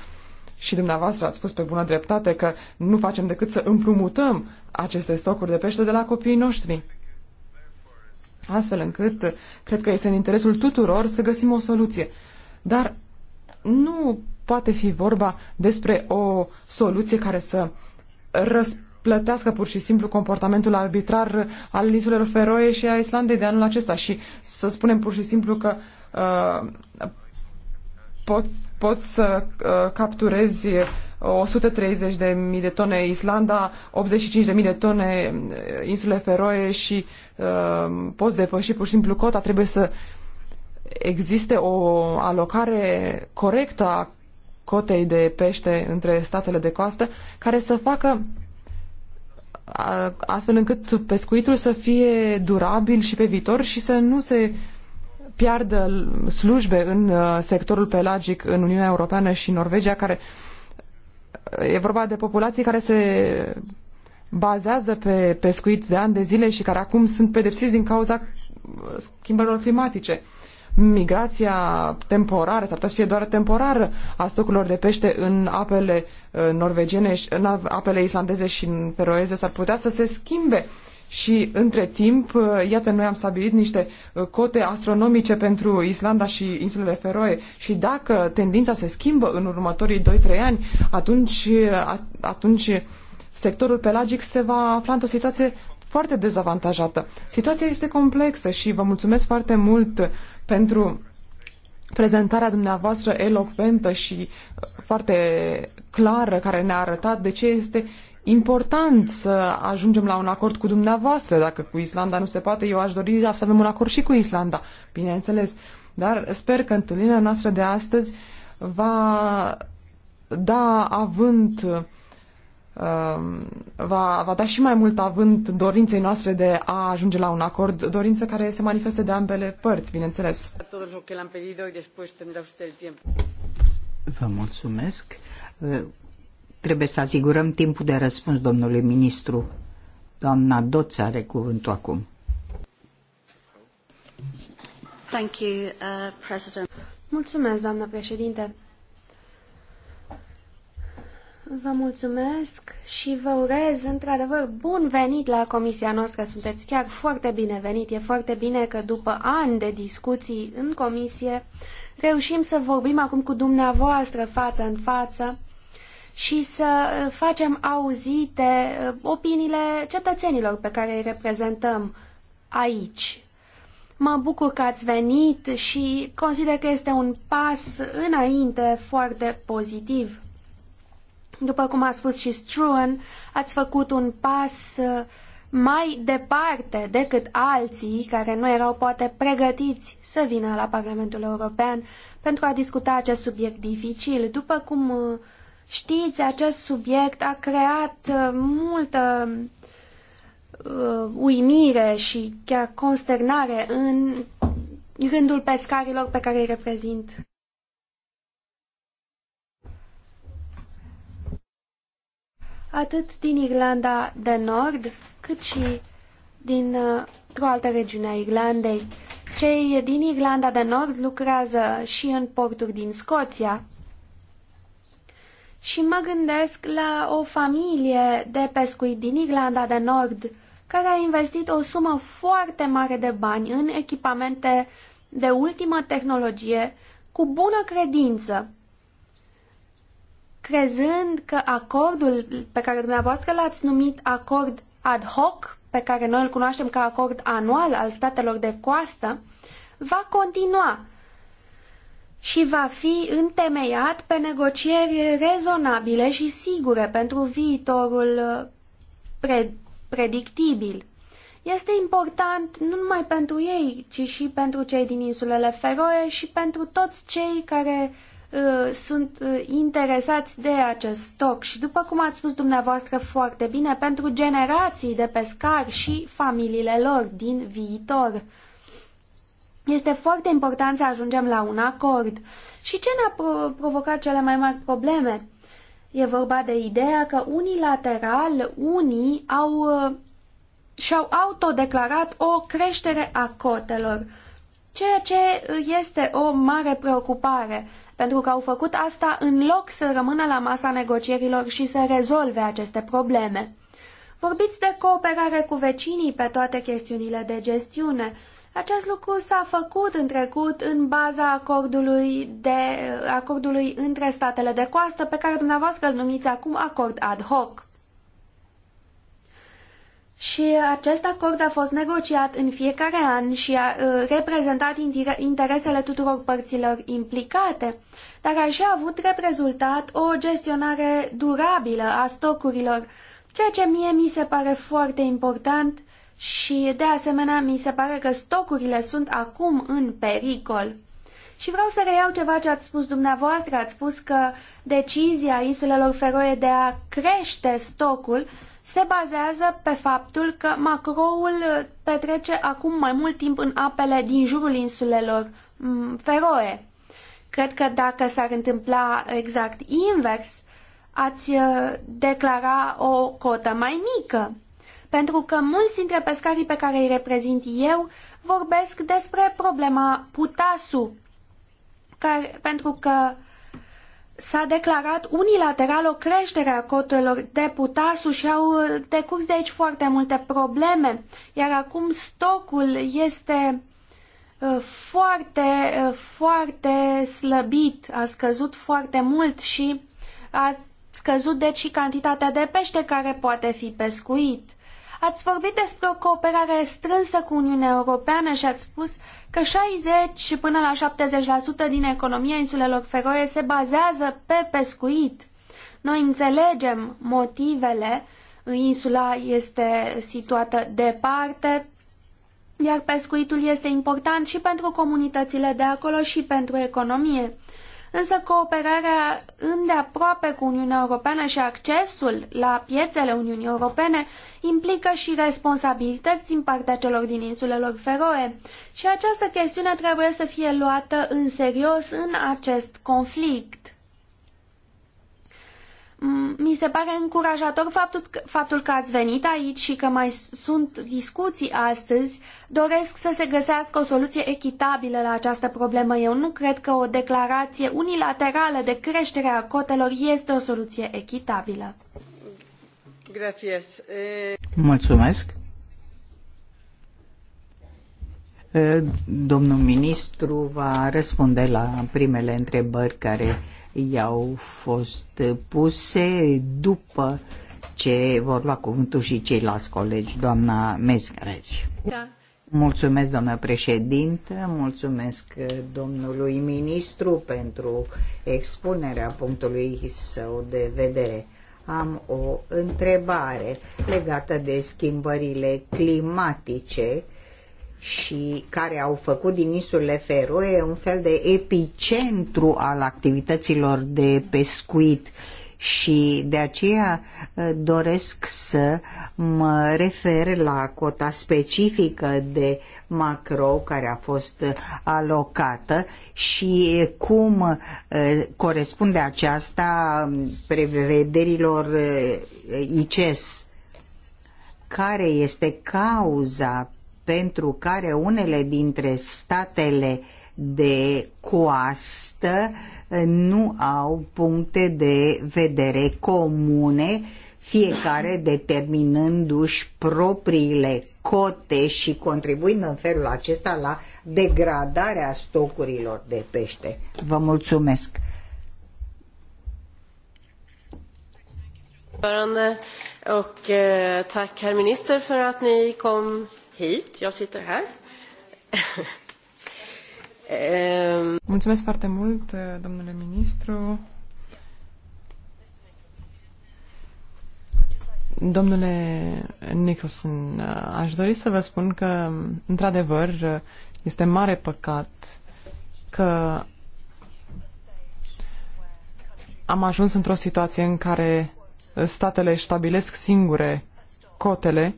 Și dumneavoastră ați spus pe bună dreptate că nu facem decât să împrumutăm aceste stocuri de pește de la copiii noștri astfel încât cred că este în interesul tuturor să găsim o soluție. Dar nu poate fi vorba despre o soluție care să răsplătească pur și simplu comportamentul arbitrar al insulelor Feroe și a Islandei de anul acesta și să spunem pur și simplu că uh, poți, poți să uh, capturezi 130.000 de tone Islanda, 85.000 de tone eh, insule Feroe și uh, poți depăși pur și simplu cota. Trebuie să existe o alocare corectă a cotei de pește între statele de coastă care să facă astfel încât pescuitul să fie durabil și pe viitor și să nu se piardă slujbe în eh, sectorul pelagic în Uniunea Europeană și Norvegia, care uh, e vorba de populații care se bazează pe pescuit de ani de zile și care acum sunt pedepsiți din cauza uh, schimbărilor climatice. Migrația temporară, s-ar putea să fie doar temporară, a stocurilor de pește în apele uh, norvegiene, în apele islandeze și în feroeze, s-ar putea să se schimbe și între timp, uh, iată, noi am stabilit niște uh, cote astronomice pentru Islanda și insulele Feroe și dacă tendința se schimbă în următorii 2-3 ani, atunci, uh, atunci sectorul pelagic se va afla într-o situație foarte dezavantajată. Situația este complexă și vă mulțumesc foarte mult pentru prezentarea dumneavoastră elocventă și foarte clară care ne-a arătat de ce este important să ajungem la un acord cu dumneavoastră. Dacă cu Islanda nu se poate, eu aș dori să avem un acord și cu Islanda, bineînțeles. Dar sper că întâlnirea noastră de astăzi va da avânt um, va, va da și mai mult avânt dorinței noastre de a ajunge la un acord, dorință care se manifestă de ambele părți, bineînțeles. Vă mulțumesc. Trebuie să asigurăm timpul de răspuns, domnule ministru. Doamna Doț are cuvântul acum. Thank you, uh, President. Mulțumesc, doamna președinte. Vă mulțumesc și vă urez într-adevăr bun venit la comisia noastră. Sunteți chiar foarte bine venit. E foarte bine că după ani de discuții în comisie reușim să vorbim acum cu dumneavoastră față în față și să uh, facem auzite uh, opiniile cetățenilor pe care îi reprezentăm aici. Mă bucur că ați venit și consider că este un pas înainte foarte pozitiv. După cum a spus și Struan, ați făcut un pas uh, mai departe decât alții care nu erau poate pregătiți să vină la Parlamentul European pentru a discuta acest subiect dificil. După cum Știți, acest subiect a creat uh, multă uh, uimire și chiar consternare în rândul pescarilor pe care îi reprezint. Atât din Irlanda de Nord, cât și din uh, o altă regiune a Irlandei. Cei din Irlanda de Nord lucrează și în porturi din Scoția, și mă gândesc la o familie de pescuit din Irlanda de Nord care a investit o sumă foarte mare de bani în echipamente de ultimă tehnologie cu bună credință, crezând că acordul pe care dumneavoastră l-ați numit acord ad hoc, pe care noi îl cunoaștem ca acord anual al statelor de coastă, va continua și va fi întemeiat pe negocieri rezonabile și sigure pentru viitorul uh, pre predictibil. Este important nu numai pentru ei, ci și pentru cei din insulele Feroe și pentru toți cei care uh, sunt uh, interesați de acest stoc și, după cum ați spus dumneavoastră foarte bine, pentru generații de pescari și familiile lor din viitor este foarte important să ajungem la un acord. Și ce ne-a pro provocat cele mai mari probleme? E vorba de ideea că unilateral unii au uh, și-au autodeclarat o creștere a cotelor, ceea ce este o mare preocupare, pentru că au făcut asta în loc să rămână la masa negocierilor și să rezolve aceste probleme. Vorbiți de cooperare cu vecinii pe toate chestiunile de gestiune, acest lucru s-a făcut în trecut în baza acordului, de, acordului între statele de coastă, pe care dumneavoastră îl numiți acum acord ad hoc. Și acest acord a fost negociat în fiecare an și a uh, reprezentat interesele tuturor părților implicate, dar a și avut drept rezultat o gestionare durabilă a stocurilor, ceea ce mie mi se pare foarte important și, de asemenea, mi se pare că stocurile sunt acum în pericol. Și vreau să reiau ceva ce ați spus dumneavoastră. Ați spus că decizia insulelor Feroe de a crește stocul se bazează pe faptul că macroul petrece acum mai mult timp în apele din jurul insulelor mm, Feroe. Cred că dacă s-ar întâmpla exact invers, ați uh, declara o cotă mai mică pentru că mulți dintre pescarii pe care îi reprezint eu vorbesc despre problema putasu, care, pentru că s-a declarat unilateral o creștere a cotelor de putasu și au decurs de aici foarte multe probleme, iar acum stocul este ă, foarte, ă, foarte slăbit, a scăzut foarte mult și a scăzut deci și cantitatea de pește care poate fi pescuit. Ați vorbit despre o cooperare strânsă cu Uniunea Europeană și ați spus că 60 până la 70% din economia insulelor feroie se bazează pe pescuit. Noi înțelegem motivele. Insula este situată departe, iar pescuitul este important și pentru comunitățile de acolo și pentru economie însă cooperarea îndeaproape cu Uniunea Europeană și accesul la piețele Uniunii Europene implică și responsabilități din partea celor din insulelor Feroe și această chestiune trebuie să fie luată în serios în acest conflict mi se pare încurajator faptul că, faptul că ați venit aici și că mai sunt discuții astăzi. Doresc să se găsească o soluție echitabilă la această problemă. Eu nu cred că o declarație unilaterală de creștere a cotelor este o soluție echitabilă. Eh, Mulțumesc. Eh, domnul ministru va răspunde la primele întrebări care i-au fost puse după ce vor lua cuvântul și ceilalți colegi, doamna Mezgreți. Da. Mulțumesc, doamna președintă, mulțumesc domnului ministru pentru expunerea punctului său de vedere. Am o întrebare legată de schimbările climatice și care au făcut din insulele Feroe un fel de epicentru al activităților de pescuit și de aceea uh, doresc să mă refer la cota specifică de macro care a fost uh, alocată și cum uh, corespunde aceasta um, prevederilor ICES. Care este cauza pentru care unele dintre statele de coastă eh, nu au puncte de vedere comune, fiecare determinându-și propriile cote și contribuind în felul acesta la degradarea stocurilor de pește. Vă mulțumesc! Ordförande och eh, tack herr minister för att ni kom hit. Jag sitter här. Ehm. Mulțumesc foarte mult, domnule ministru. Domnule Nicholson, aș dori să vă spun că, într-adevăr, este mare păcat că am ajuns într-o situație în care statele stabilesc singure cotele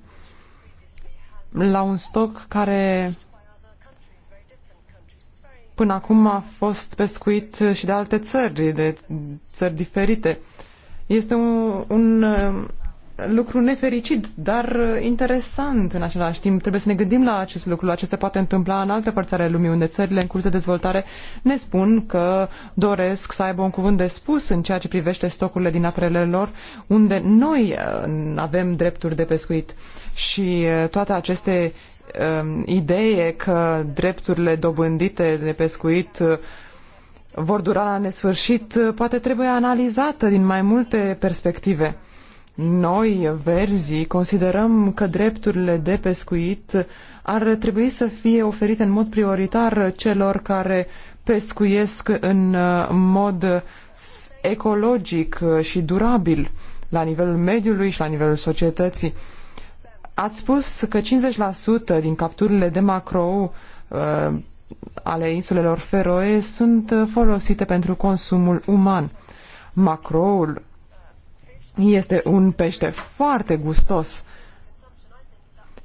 la un stoc care până acum a fost pescuit și de alte țări, de țări diferite. Este un, un lucru nefericit, dar uh, interesant în același timp. Trebuie să ne gândim la acest lucru, la ce se poate întâmpla în alte părți ale lumii, unde țările în curs de dezvoltare ne spun că doresc să aibă un cuvânt de spus în ceea ce privește stocurile din aprele lor, unde noi uh, avem drepturi de pescuit. Și uh, toate aceste um, idee că drepturile dobândite de pescuit vor dura la nesfârșit, poate trebuie analizată din mai multe perspective noi, verzii, considerăm că drepturile de pescuit ar trebui să fie oferite în mod prioritar celor care pescuiesc în uh, mod ecologic și durabil la nivelul mediului și la nivelul societății. Ați spus că 50% din capturile de macro uh, ale insulelor Feroe sunt folosite pentru consumul uman. Macroul este un pește foarte gustos.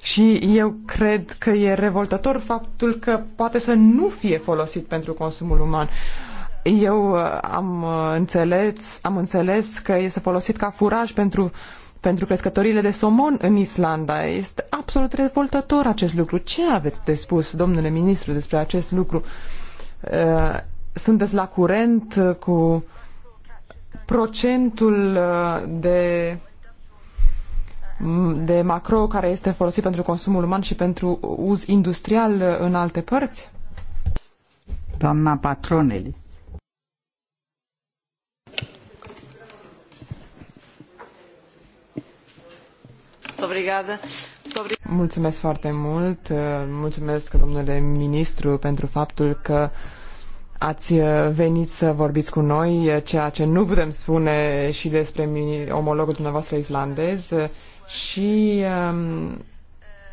Și eu cred că e revoltător faptul că poate să nu fie folosit pentru consumul uman. Eu uh, am uh, înțeles, am înțeles că este folosit ca furaj pentru, pentru crescătorile de somon în Islanda. Este absolut revoltător acest lucru. Ce aveți de spus, domnule ministru, despre acest lucru? Uh, sunteți la curent cu uh, procentul uh, de de macro care este folosit pentru consumul uman și pentru uz industrial uh, în alte părți? Doamna Patroneli. Mulțumesc foarte mult. Uh, mulțumesc, domnule ministru, pentru faptul că ați uh, venit să vorbiți cu noi, uh, ceea ce nu putem spune și despre omologul dumneavoastră islandez uh, și um,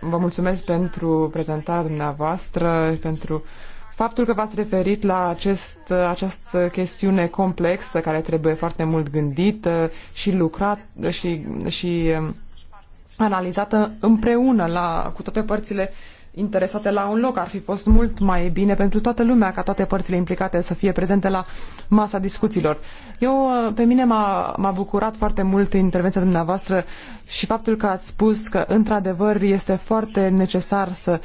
vă mulțumesc pentru prezentarea dumneavoastră, pentru faptul că v-ați referit la acest, această chestiune complexă care trebuie foarte mult gândită și lucrat și, și um, analizată împreună la, cu toate părțile uh, interesate la un loc. Ar fi fost mult mai bine pentru toată lumea ca toate părțile implicate să fie prezente la masa discuțiilor. Eu, pe mine m-a, m-a bucurat foarte mult intervenția dumneavoastră și faptul că ați spus că, într-adevăr, este foarte necesar să,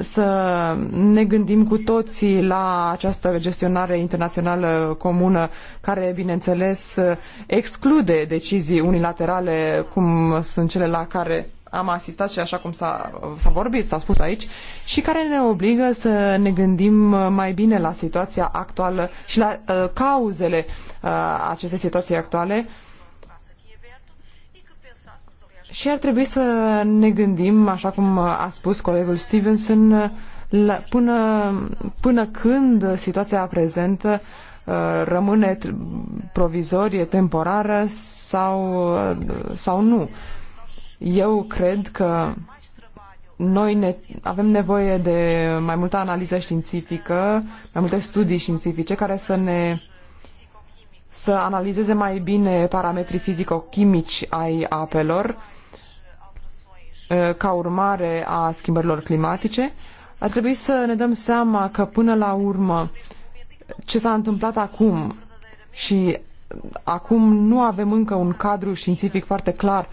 să ne gândim cu toții la această gestionare internațională comună, care, bineînțeles, exclude decizii unilaterale, cum sunt cele la care am asistat și așa cum s-a, vorbit, s-a spus aici, și care ne obligă să ne gândim mai bine la situația actuală și la uh, cauzele uh, acestei situații actuale. Și ar trebui să ne gândim, așa cum a spus colegul Stevenson, la, până, până când situația prezentă uh, rămâne provizorie, temporară sau, uh, sau nu eu cred că noi ne, avem nevoie de mai multă analiză științifică, mai multe studii științifice care să ne să analizeze mai bine parametrii fizico-chimici ai apelor ca urmare a schimbărilor climatice. Ar trebui să ne dăm seama că până la urmă ce s-a întâmplat acum și acum nu avem încă un cadru științific foarte clar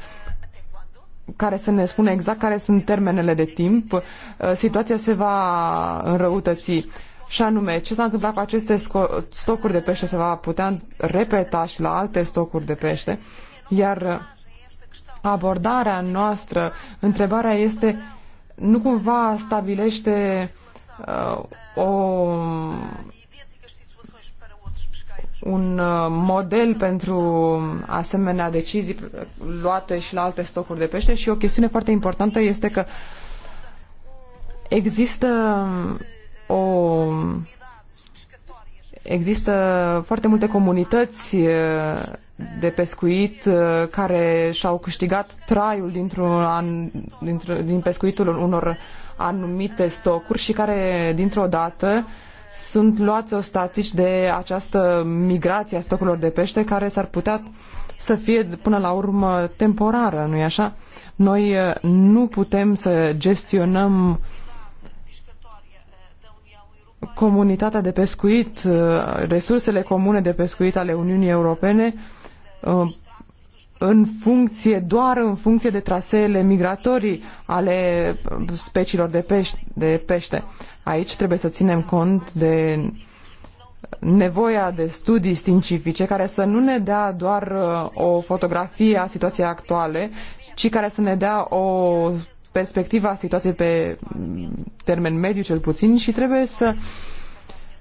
care să ne spună exact care sunt termenele de timp, uh, situația se va înrăutăți. Și anume, ce s-a întâmplat cu aceste stocuri de pește se va putea repeta și la alte stocuri de pește, iar uh, abordarea noastră, întrebarea este, nu cumva stabilește uh, o un uh, model pentru asemenea decizii luate și la alte stocuri de pește și o chestiune foarte importantă este că există um, o există foarte multe comunități uh, de pescuit uh, care și-au câștigat traiul dintr-un an, dintr din pescuitul unor anumite stocuri și care dintr-o dată sunt luați o statici de această migrație a stocurilor de pește care s-ar putea să fie până la urmă temporară, nu-i așa? Noi uh, nu putem să gestionăm comunitatea de pescuit, uh, resursele comune de pescuit ale Uniunii Europene uh, în funcție, doar în funcție de traseele migratorii ale speciilor de pește. De pește. Aici trebuie să ținem cont de nevoia de studii științifice care să nu ne dea doar uh, o fotografie a situației actuale, ci care să ne dea o perspectivă a situației pe mm, termen mediu cel puțin și trebuie să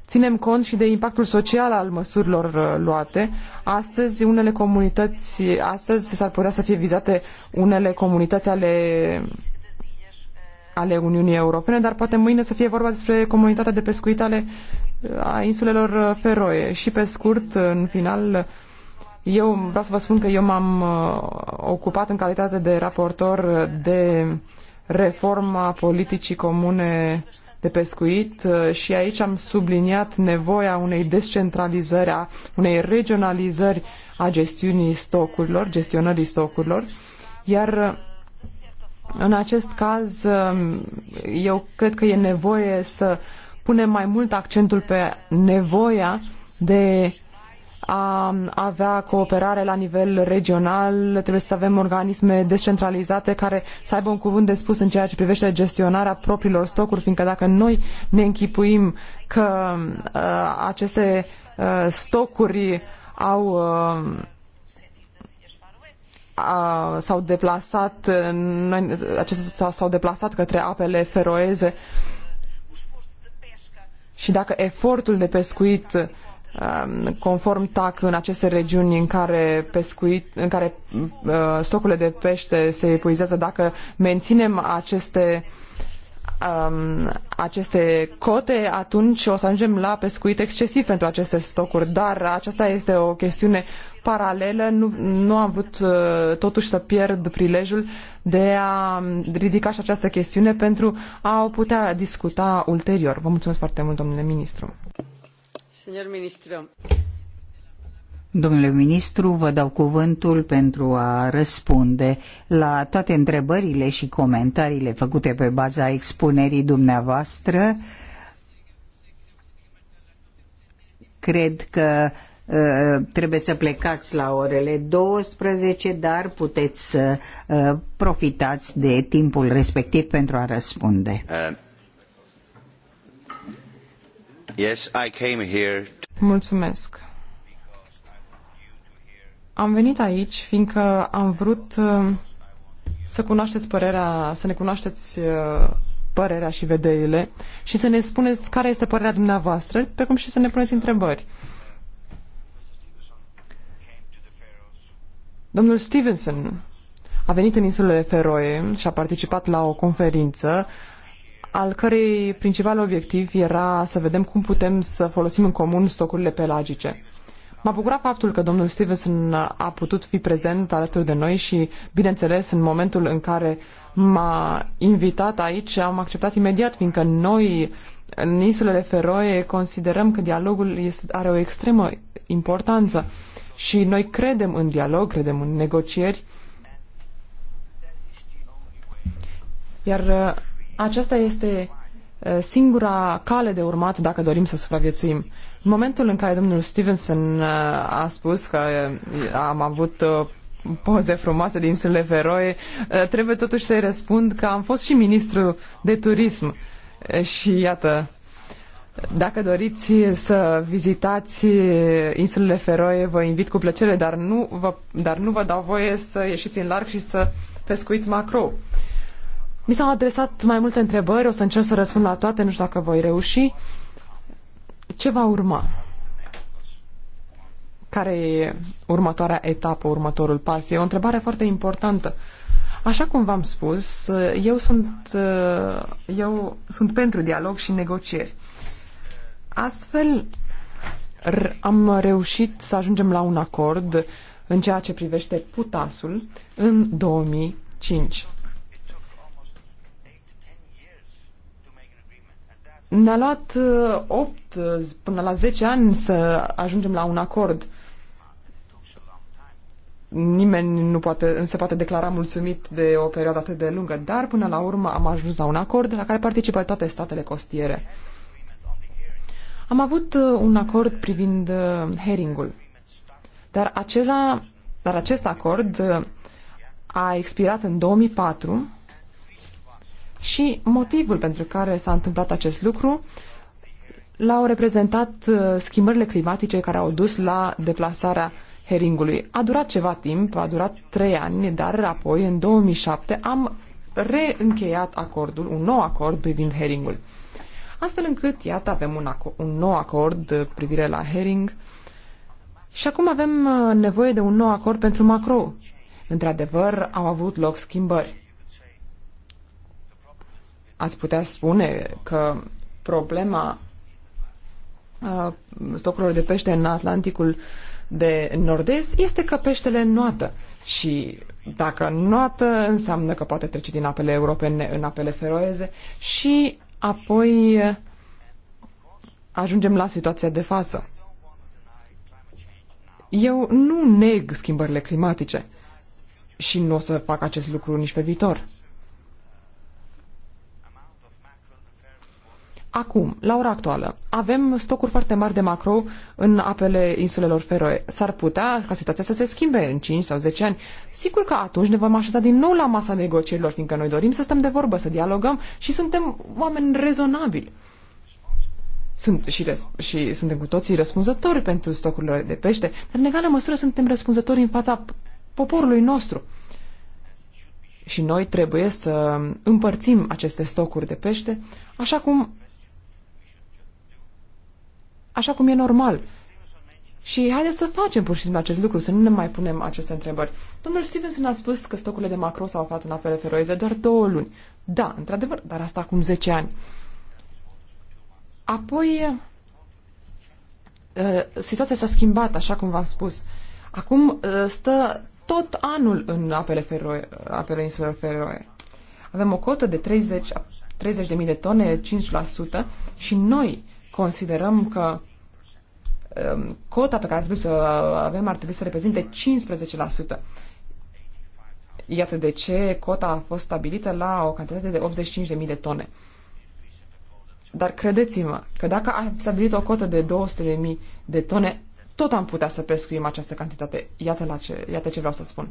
ținem cont și de impactul social al măsurilor uh, luate. Astăzi unele comunități, astăzi s-ar putea să fie vizate unele comunități ale ale Uniunii Europene, dar poate mâine să fie vorba despre comunitatea de pescuit ale a insulelor Feroe. Și pe scurt, în final, eu vreau să vă spun că eu m-am uh, ocupat în calitate de raportor de reforma politicii comune de pescuit uh, și aici am subliniat nevoia unei descentralizări, a unei regionalizări a gestiunii stocurilor, gestionării stocurilor, iar uh, în acest caz, um, eu cred că e nevoie să punem mai mult accentul pe nevoia de a avea cooperare la nivel regional, trebuie să avem organisme descentralizate care să aibă un cuvânt de spus în ceea ce privește gestionarea propriilor stocuri, fiindcă dacă noi ne închipuim că uh, aceste uh, stocuri au uh, s-au deplasat, noi, acestea s-au deplasat către apele feroeze și dacă efortul de pescuit um, conform TAC în aceste regiuni în care, pescuit, în care uh, stocurile de pește se epuizează, dacă menținem aceste um, aceste cote, atunci o să ajungem la pescuit excesiv pentru aceste stocuri. Dar aceasta este o chestiune paralelă, nu, nu am vrut uh, totuși să pierd prilejul de a ridica și această chestiune pentru a o putea discuta ulterior. Vă mulțumesc foarte mult, domnule ministru. Senior ministru. Domnule ministru, vă dau cuvântul pentru a răspunde la toate întrebările și comentariile făcute pe baza expunerii dumneavoastră. Cred că Uh, trebuie să plecați la orele 12, dar puteți să uh, profitați de timpul respectiv pentru a răspunde. Uh. Yes, I came here Mulțumesc. Am venit aici fiindcă am vrut uh, să cunoașteți părerea, să ne cunoașteți părerea și vederile și să ne spuneți care este părerea dumneavoastră, precum și să ne puneți întrebări. Domnul Stevenson a venit în insulele Feroe și a participat la o conferință al cărei principal obiectiv era să vedem cum putem să folosim în comun stocurile pelagice. M-a bucurat faptul că domnul Stevenson a putut fi prezent alături de noi și, bineînțeles, în momentul în care m-a invitat aici, am acceptat imediat, fiindcă noi, în insulele Feroe, considerăm că dialogul este, are o extremă importanță și noi credem în dialog, credem în negocieri. Iar uh, aceasta este uh, singura cale de urmat dacă dorim să supraviețuim. În momentul în care domnul Stevenson uh, a spus că am avut poze frumoase din Sule Veroe, trebuie totuși să-i răspund că am fost și ministru de turism și iată, dacă doriți să vizitați insulele Feroe, vă invit cu plăcere, dar nu vă, dar nu vă dau voie să ieșiți în larg și să pescuiți macro. Mi s-au adresat mai multe întrebări, o să încerc să răspund la toate, nu știu dacă voi reuși. Ce va urma? Care e următoarea etapă, următorul pas? E o întrebare foarte importantă. Așa cum v-am spus, eu sunt, eu sunt pentru dialog și negocieri. Astfel, am reușit să ajungem la un acord în ceea ce privește putasul în 2005. Ne-a luat 8 uh, uh, până la 10 ani să ajungem la un acord. Nimeni nu, poate, nu se poate declara mulțumit de o perioadă atât de lungă, dar până la urmă am ajuns la un acord la care participă toate statele costiere. Am avut uh, un acord privind uh, heringul, dar, acela, dar acest acord uh, a expirat în 2004 și motivul pentru care s-a întâmplat acest lucru l-au reprezentat schimbările climatice care au dus la deplasarea heringului. A durat ceva timp, a durat trei ani, dar apoi, în 2007, am reîncheiat acordul, un nou acord privind heringul astfel încât, iată, avem un, un nou acord uh, cu privire la herring și acum avem uh, nevoie de un nou acord pentru macro. Într-adevăr, au avut loc schimbări. Ați putea spune că problema uh, stocurilor de pește în Atlanticul de nord-est este că peștele noată și dacă noată înseamnă că poate trece din apele europene în apele feroeze și apoi ajungem la situația de față. Eu nu neg schimbările climatice și nu o să fac acest lucru nici pe viitor. Acum, la ora actuală, avem stocuri foarte mari de macro în apele insulelor Feroe. S-ar putea ca situația să se schimbe în 5 sau 10 ani. Sigur că atunci ne vom așeza din nou la masa negocierilor, fiindcă noi dorim să stăm de vorbă, să dialogăm și suntem oameni rezonabili. Sunt și, și suntem cu toții răspunzători pentru stocurile de pește, dar în egală măsură suntem răspunzători în fața poporului nostru. Și noi trebuie să împărțim aceste stocuri de pește, așa cum așa cum e normal. Și haideți să facem pur și simplu acest lucru, să nu ne mai punem aceste întrebări. Domnul Stevenson a spus că stocurile de macro s-au aflat în apele feroize doar două luni. Da, într-adevăr, dar asta acum 10 ani. Apoi, uh, situația s-a schimbat, așa cum v-am spus. Acum uh, stă tot anul în apele, feroie, apele insulelor feroie. Avem o cotă de 30, 30.000 de tone, 5%, și noi considerăm că um, cota pe care trebuie să avem ar trebui să reprezinte 15%. Iată de ce cota a fost stabilită la o cantitate de 85.000 de tone. Dar credeți-mă că dacă am stabilit o cotă de 200.000 de tone, tot am putea să pescuim această cantitate. Iată, la ce, iată ce vreau să spun.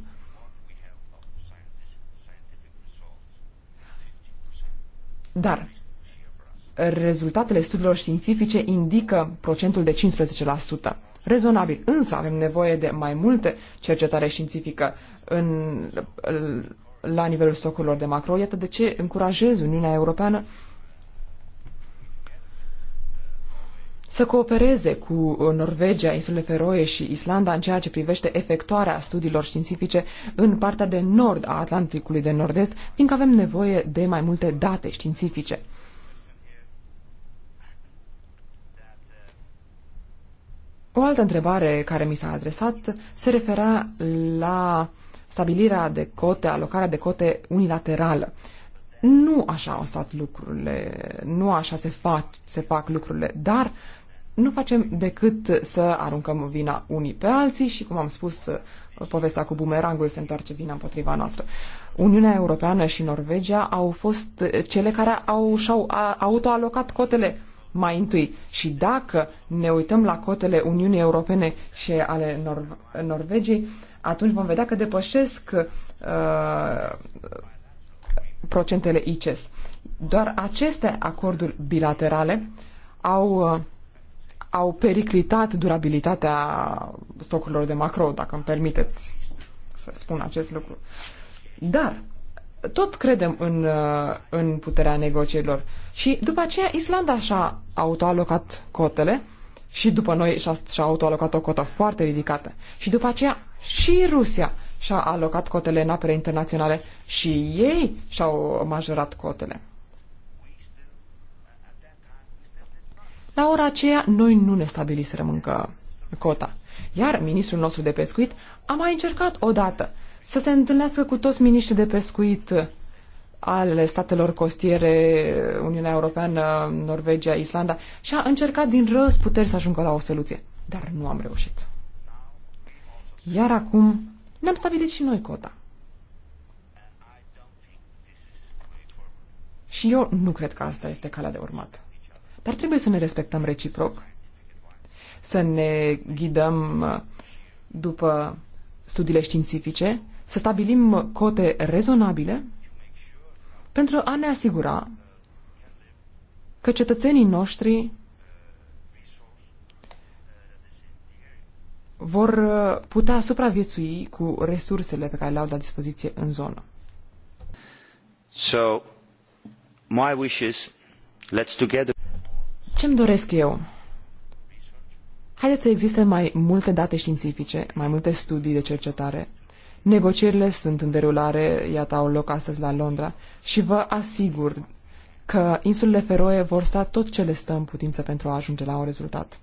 Dar rezultatele studiilor științifice indică procentul de 15%. Rezonabil, însă avem nevoie de mai multe cercetare științifică în, la nivelul stocurilor de macro. Iată de ce încurajez Uniunea Europeană să coopereze cu Norvegia, insulele Feroe și Islanda în ceea ce privește efectuarea studiilor științifice în partea de nord a Atlanticului de nord-est, fiindcă avem nevoie de mai multe date științifice. O altă întrebare care mi s-a adresat se referea la stabilirea de cote, alocarea de cote unilaterală. Nu așa au stat lucrurile, nu așa se fac, se fac lucrurile, dar nu facem decât să aruncăm vina unii pe alții și, cum am spus, povestea cu bumerangul se întoarce vina împotriva noastră. Uniunea Europeană și Norvegia au fost cele care au, și-au autoalocat cotele mai întâi. Și dacă ne uităm la cotele Uniunii Europene și ale Nor- Norvegiei, atunci vom vedea că depășesc uh, procentele ICES. Doar aceste acorduri bilaterale au, uh, au periclitat durabilitatea stocurilor de macro, dacă îmi permiteți să spun acest lucru. Dar tot credem în, uh, în puterea negocierilor. Și după aceea Islanda și-a autoalocat cotele și după noi și-a, și-a autoalocat o cotă foarte ridicată. Și după aceea și Rusia și-a alocat cotele în apele internaționale și ei și-au majorat cotele. La ora aceea, noi nu ne stabiliserăm încă cota. Iar ministrul nostru de pescuit a mai încercat odată să se întâlnească cu toți miniștrii de pescuit ale statelor costiere, Uniunea Europeană, Norvegia, Islanda și a încercat din răz puteri să ajungă la o soluție. Dar nu am reușit. Iar acum ne-am stabilit și noi cota. Și eu nu cred că asta este calea de urmat. Dar trebuie să ne respectăm reciproc, să ne ghidăm după studiile științifice să stabilim cote rezonabile pentru a ne asigura că cetățenii noștri vor putea supraviețui cu resursele pe care le au la dispoziție în zonă. So, my wishes, let's together... Ce-mi doresc eu? Haideți să existe mai multe date științifice, mai multe studii de cercetare, Negocierile sunt în derulare, iată, au loc astăzi la Londra și vă asigur că insulele Feroe vor sta tot ce le stă în putință pentru a ajunge la un rezultat.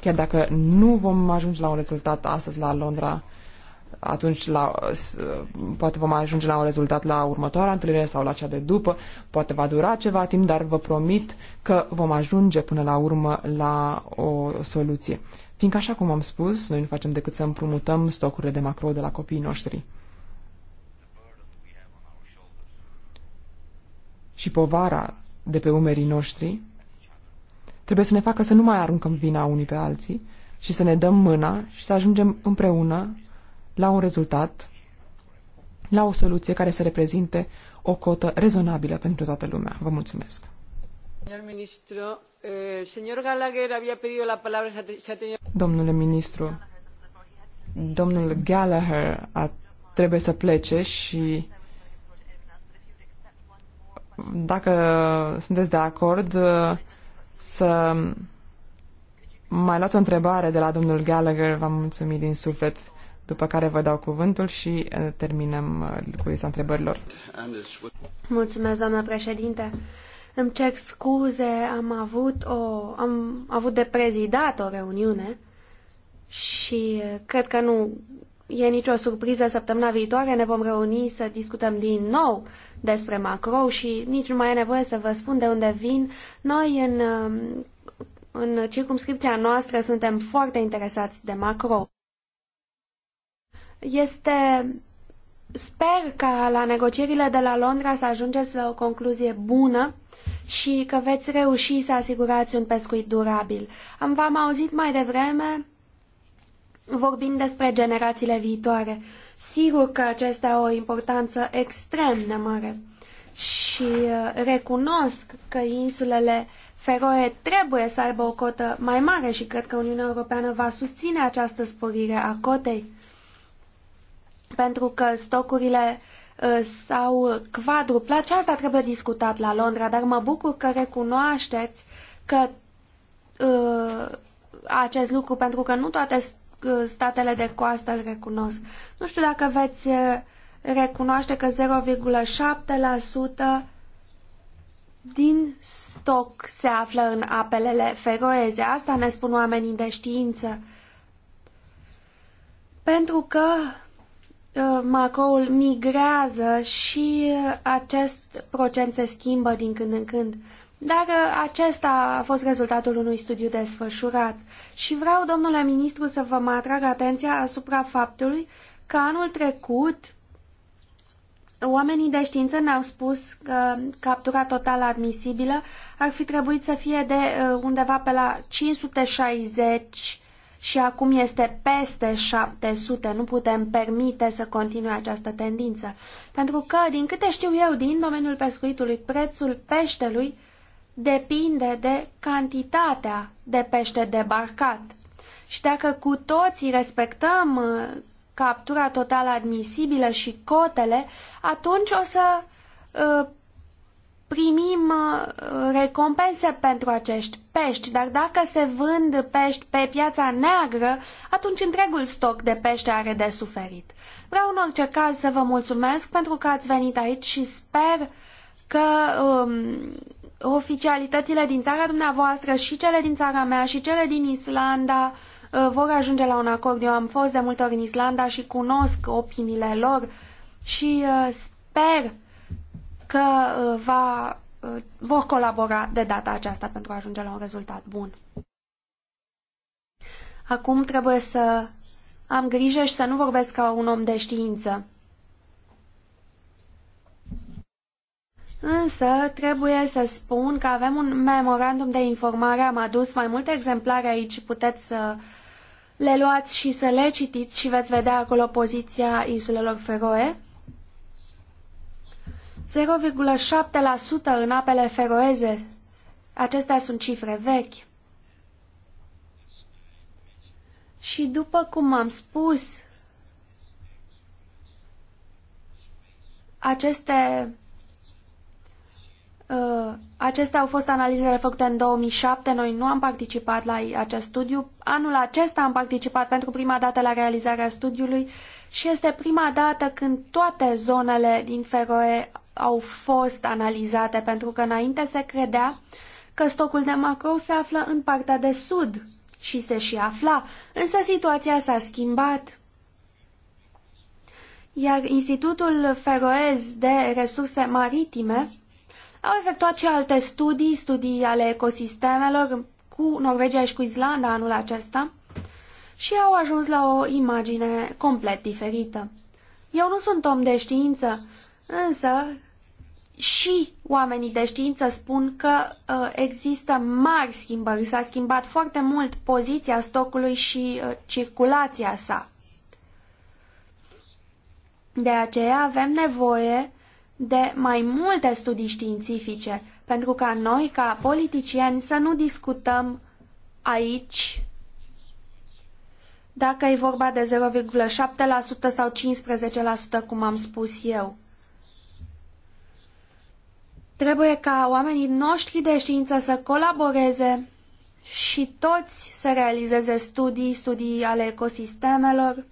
Chiar dacă nu vom ajunge la un rezultat astăzi la Londra, atunci la, poate vom ajunge la un rezultat la următoarea întâlnire sau la cea de după, poate va dura ceva timp, dar vă promit că vom ajunge până la urmă la o soluție. Fiindcă, așa cum am spus, noi nu facem decât să împrumutăm stocurile de macro de la copiii noștri. Și povara de pe umerii noștri trebuie să ne facă să nu mai aruncăm vina unii pe alții și să ne dăm mâna și să ajungem împreună la un rezultat, la o soluție care să reprezinte o cotă rezonabilă pentru toată lumea. Vă mulțumesc. Eh, Domnule ministru, domnul Gallagher a, trebuie să plece și dacă sunteți de acord eh, să mai luați o întrebare de la domnul Gallagher, v-am mulțumit din suflet după care vă dau cuvântul și eh, terminăm eh, cu lista întrebărilor. Mulțumesc, doamnă președinte. Îmi cer scuze, am avut, o, am avut de prezidat o reuniune și eh, cred că nu e nicio surpriză. Săptămâna viitoare ne vom reuni să discutăm din nou despre Macro și nici nu mai e nevoie să vă spun de unde vin. Noi în, în circumscripția noastră suntem foarte interesați de Macro. Este Sper ca la negocierile de la Londra să ajungeți la o concluzie bună și că veți reuși să asigurați un pescuit durabil. Am v-am auzit mai devreme vorbind despre generațiile viitoare. Sigur că acestea au o importanță extrem de mare și uh, recunosc că insulele Feroe trebuie să aibă o cotă mai mare și cred că Uniunea Europeană va susține această sporire a cotei pentru că stocurile uh, s-au quadruplat și asta trebuie discutat la Londra, dar mă bucur că recunoașteți că uh, acest lucru, pentru că nu toate uh, statele de coastă îl recunosc. Nu știu dacă veți recunoaște că 0,7% din stoc se află în apelele feroeze. Asta ne spun oamenii de știință. Pentru că Uh, macoul migrează și uh, acest procent se schimbă din când în când. Dar uh, acesta a fost rezultatul unui studiu desfășurat și vreau, domnule ministru, să vă mai atrag atenția asupra faptului că anul trecut oamenii de știință ne-au spus că captura totală admisibilă ar fi trebuit să fie de undeva pe la 560 și acum este peste 700. Nu putem permite să continue această tendință. Pentru că, din câte știu eu, din domeniul pescuitului, prețul peștelui depinde de cantitatea de pește debarcat. Și dacă cu toții respectăm uh, captura totală admisibilă și cotele, atunci o să uh, primim uh, recompense pentru acești pești, dar dacă se vând pești pe piața neagră, atunci întregul stoc de pește are de suferit. Vreau în orice caz să vă mulțumesc pentru că ați venit aici și sper că um, oficialitățile din țara dumneavoastră și cele din țara mea și cele din Islanda uh, vor ajunge la un acord. Eu am fost de multe ori în Islanda și cunosc opiniile lor și uh, sper că uh, va, uh, vor colabora de data aceasta pentru a ajunge la un rezultat bun. Acum trebuie să am grijă și să nu vorbesc ca un om de știință. Însă, trebuie să spun că avem un memorandum de informare, am adus mai multe exemplare aici, puteți să le luați și să le citiți și veți vedea acolo poziția insulelor Feroe. 0,7% în apele feroeze. Acestea sunt cifre vechi. Și după cum am spus, aceste, uh, acestea au fost analizele făcute în 2007. Noi nu am participat la acest studiu. Anul acesta am participat pentru prima dată la realizarea studiului și este prima dată când toate zonele din Feroe au fost analizate, pentru că înainte se credea că stocul de macrou se află în partea de sud și se și afla, însă situația s-a schimbat. Iar Institutul Feroez de Resurse Maritime au efectuat și alte studii, studii ale ecosistemelor cu Norvegia și cu Islanda anul acesta și au ajuns la o imagine complet diferită. Eu nu sunt om de știință, însă și oamenii de știință spun că uh, există mari schimbări, s-a schimbat foarte mult poziția stocului și uh, circulația sa. De aceea avem nevoie de mai multe studii științifice, pentru ca noi, ca politicieni, să nu discutăm aici dacă e vorba de 0,7% sau 15%, cum am spus eu. Trebuie ca oamenii noștri de știință să colaboreze și toți să realizeze studii, studii ale ecosistemelor,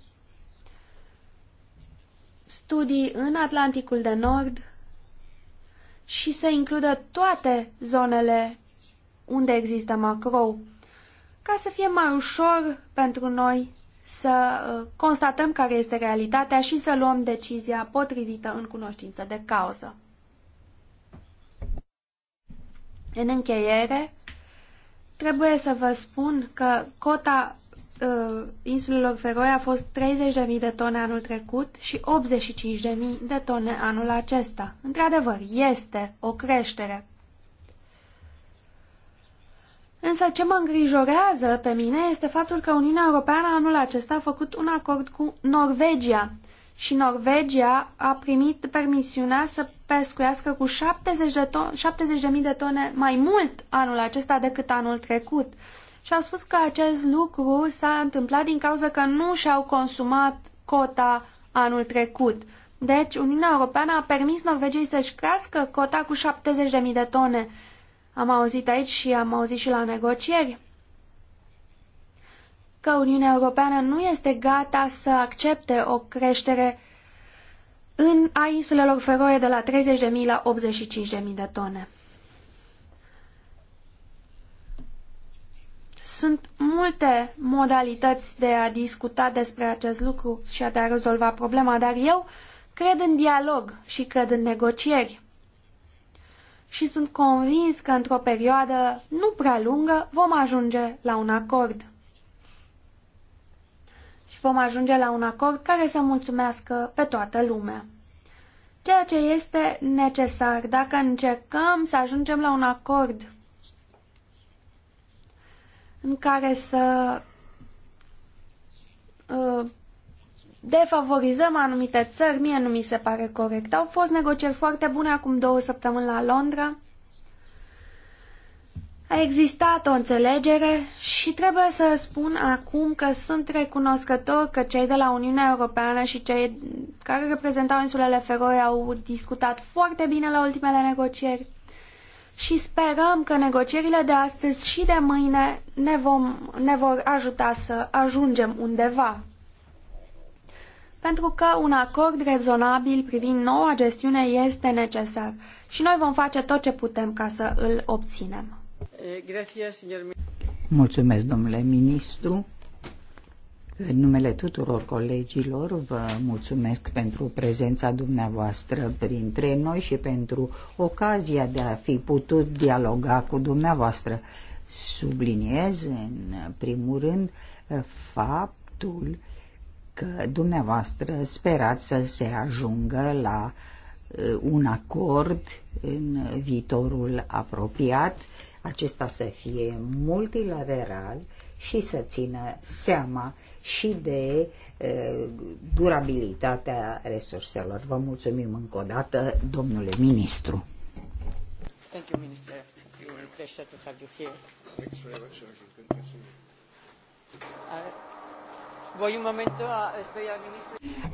studii în Atlanticul de Nord și să includă toate zonele unde există macro, ca să fie mai ușor pentru noi să uh, constatăm care este realitatea și să luăm decizia potrivită în cunoștință de cauză. În încheiere, trebuie să vă spun că cota uh, insulelor Feroe a fost 30.000 de tone anul trecut și 85.000 de tone anul acesta. Într-adevăr, este o creștere. Însă ce mă îngrijorează pe mine este faptul că Uniunea Europeană anul acesta a făcut un acord cu Norvegia și Norvegia a primit permisiunea să pescuiască cu 70 de, ton, de de tone mai mult anul acesta decât anul trecut. Și au spus că acest lucru s-a întâmplat din cauza că nu și-au consumat cota anul trecut. Deci, Uniunea Europeană a permis Norvegiei să-și crească cota cu 70.000 de tone. Am auzit aici și am auzit și la negocieri că Uniunea Europeană nu este gata să accepte o creștere în a insulelor feroe de la 30.000 la 85.000 de tone. Sunt multe modalități de a discuta despre acest lucru și de a rezolva problema, dar eu cred în dialog și cred în negocieri. Și sunt convins că într-o perioadă nu prea lungă vom ajunge la un acord vom ajunge la un acord care să mulțumească pe toată lumea. Ceea ce este necesar dacă încercăm să ajungem la un acord în care să uh, defavorizăm anumite țări, mie nu mi se pare corect. Au fost negocieri foarte bune acum două săptămâni la Londra a existat o înțelegere și trebuie să spun acum că sunt recunoscător că cei de la Uniunea Europeană și cei care reprezentau insulele Feroe au discutat foarte bine la ultimele negocieri și sperăm că negocierile de astăzi și de mâine ne, vom, ne vor ajuta să ajungem undeva. Pentru că un acord rezonabil privind noua gestiune este necesar și noi vom face tot ce putem ca să îl obținem. Mulțumesc, domnule ministru. În numele tuturor colegilor, vă mulțumesc pentru prezența dumneavoastră printre noi și pentru ocazia de a fi putut dialoga cu dumneavoastră. Subliniez, în primul rând, faptul că dumneavoastră sperați să se ajungă la uh, un acord în viitorul apropiat acesta să fie multilateral și să țină seama și de uh, durabilitatea resurselor. Vă mulțumim încă o dată, domnule ministru. Thank you, Minister. a pleasure to have you here. Thanks very much. Voi un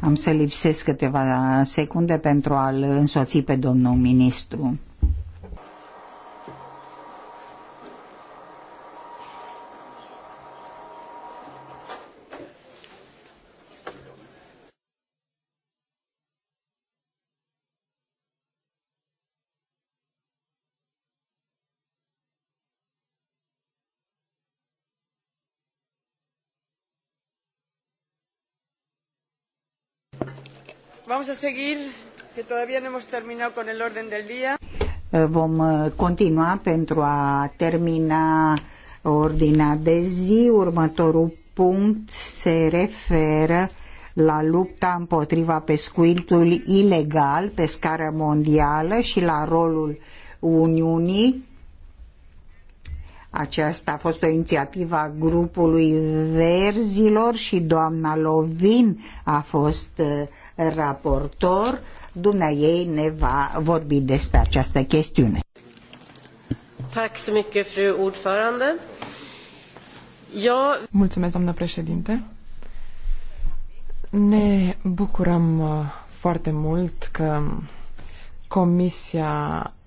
Am să lipsesc câteva secunde pentru a-l însoți pe domnul ministru. Vamos a seguir, que todavía no hemos terminado con el orden del día. Eh, vom eh, continua pentru a termina ordinea de zi. Următorul punct se referă la lupta împotriva pescuitului ilegal pe scară mondială și la rolul Uniunii aceasta a fost o inițiativă a grupului Verzilor și doamna Lovin a fost uh, raportor. Dumnea ei ne va vorbi despre această chestiune. Mulțumesc, doamnă președinte. Ne bucurăm uh, foarte mult că Comisia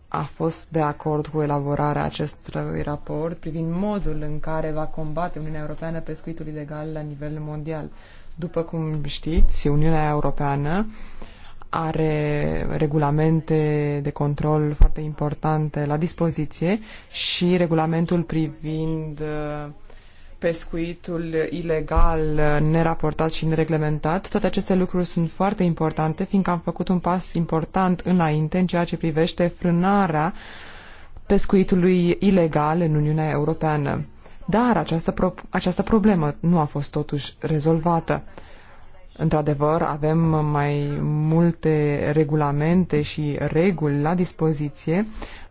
a fost de acord cu elaborarea acestui raport privind modul în care va combate Uniunea Europeană pescuitul ilegal la nivel mondial. După cum știți, Uniunea Europeană are regulamente de control foarte importante la dispoziție și regulamentul privind uh, pescuitul ilegal, neraportat și nereglementat. Toate aceste lucruri sunt foarte importante, fiindcă am făcut un pas important înainte în ceea ce privește frânarea pescuitului ilegal în Uniunea Europeană. Dar această, pro- această problemă nu a fost totuși rezolvată. Într-adevăr, avem mai multe regulamente și reguli la dispoziție,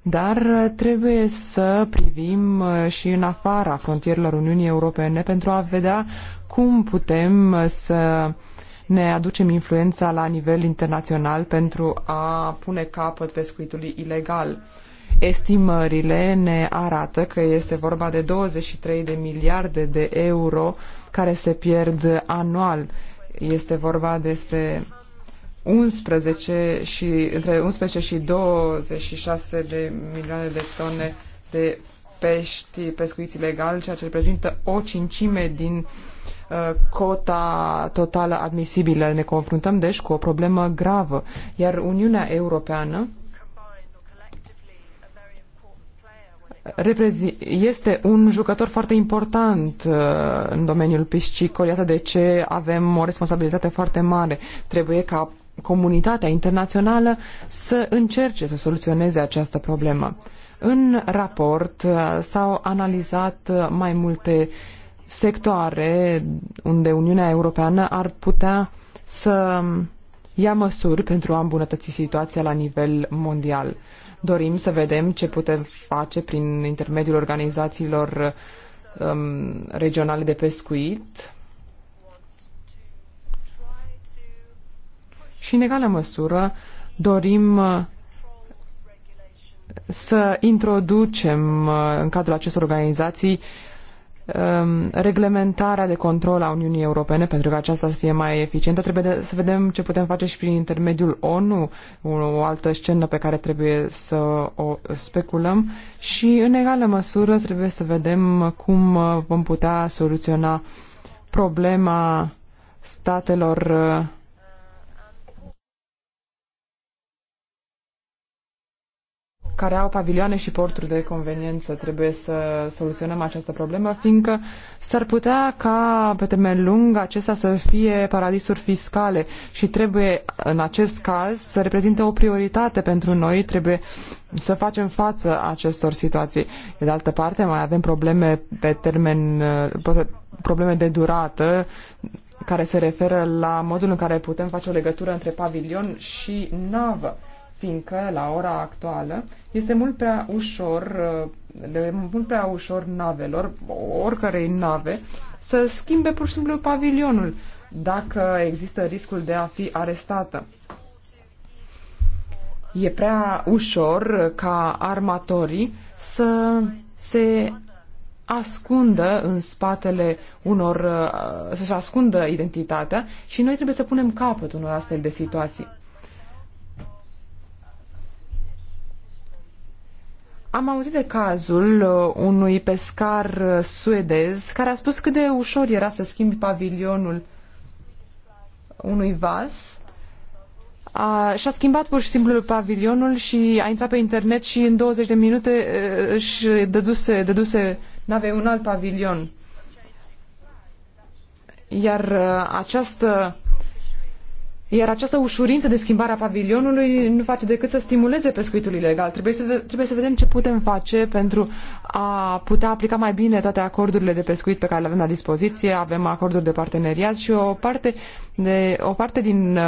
dar trebuie să privim uh, și în afara frontierelor Uniunii Europene pentru a vedea cum putem uh, să ne aducem influența la nivel internațional pentru a pune capăt pescuitului ilegal. Estimările ne arată că este vorba de 23 de miliarde de euro care se pierd anual. Este vorba despre 11 și, între 11 și 26 de milioane de tone de pești pescuiți ilegal, ceea ce reprezintă o cincime din uh, cota totală admisibilă. Ne confruntăm, deci, cu o problemă gravă, iar Uniunea Europeană este un jucător foarte important uh, în domeniul piscicol. Iată de ce avem o responsabilitate foarte mare. Trebuie ca comunitatea internațională să încerce să soluționeze această problemă. În raport uh, s-au analizat uh, mai multe sectoare unde Uniunea Europeană ar putea să um, ia măsuri pentru a îmbunătăți situația la nivel mondial. Dorim să vedem ce putem face prin intermediul organizațiilor um, regionale de pescuit, Și în egală măsură dorim uh, să introducem uh, în cadrul acestor organizații um, reglementarea de control a Uniunii Europene pentru că aceasta să fie mai eficientă. Trebuie să vedem ce putem face și prin intermediul ONU, o altă scenă pe care trebuie să o speculăm și în egală măsură trebuie să vedem cum uh, vom putea soluționa problema statelor care au pavilioane și porturi de conveniență. Trebuie să soluționăm această problemă, fiindcă s-ar putea ca pe termen lung acestea să fie paradisuri fiscale și trebuie în acest caz să reprezinte o prioritate pentru noi, trebuie să facem față acestor situații. De altă parte, mai avem probleme pe termen, probleme de durată, care se referă la modul în care putem face o legătură între pavilion și navă fiindcă la ora actuală este mult prea ușor mult prea ușor navelor, oricărei nave, să schimbe pur și simplu pavilionul dacă există riscul de a fi arestată. E prea ușor ca armatorii să se ascundă în spatele unor, să-și ascundă identitatea și noi trebuie să punem capăt unor astfel de situații. Am auzit de cazul uh, unui pescar uh, suedez care a spus cât de ușor era să schimbi pavilionul unui vas. A, și-a schimbat pur și simplu pavilionul și a intrat pe internet și în 20 de minute uh, își dăduse, dăduse nave un alt pavilion. Iar această iar această ușurință de schimbare a pavilionului nu face decât să stimuleze pescuitul ilegal. Trebuie să, trebuie să vedem ce putem face pentru a putea aplica mai bine toate acordurile de pescuit pe care le avem la dispoziție. Avem acorduri de parteneriat și o parte, de, o parte din uh,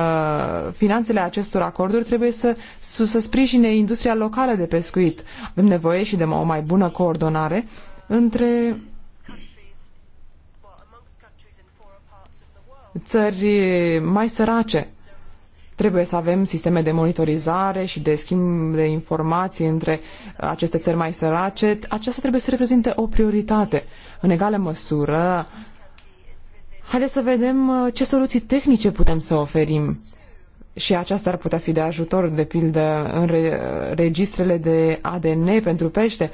finanțele acestor acorduri trebuie să, să, să sprijine industria locală de pescuit. Avem nevoie și de o mai bună coordonare între țări mai sărace Trebuie să avem sisteme de monitorizare și de schimb de informații între aceste țări mai sărace. Aceasta trebuie să reprezinte o prioritate. În egală măsură, haideți să vedem uh, ce soluții tehnice putem să oferim. Și aceasta ar putea fi de ajutor, de pildă, în re- registrele de ADN pentru pește.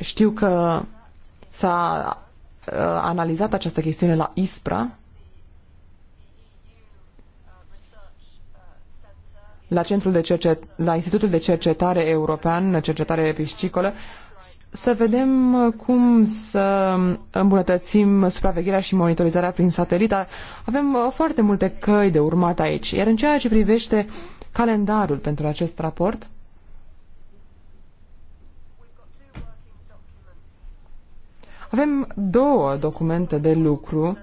Știu că s-a uh, analizat această chestiune la ISPRA la, centrul de cercet, la Institutul de Cercetare European, Cercetare Piscicolă, să vedem cum să îmbunătățim supravegherea și monitorizarea prin satelit. Avem uh, foarte multe căi de urmat aici. Iar în ceea ce privește calendarul pentru acest raport, avem două documente de lucru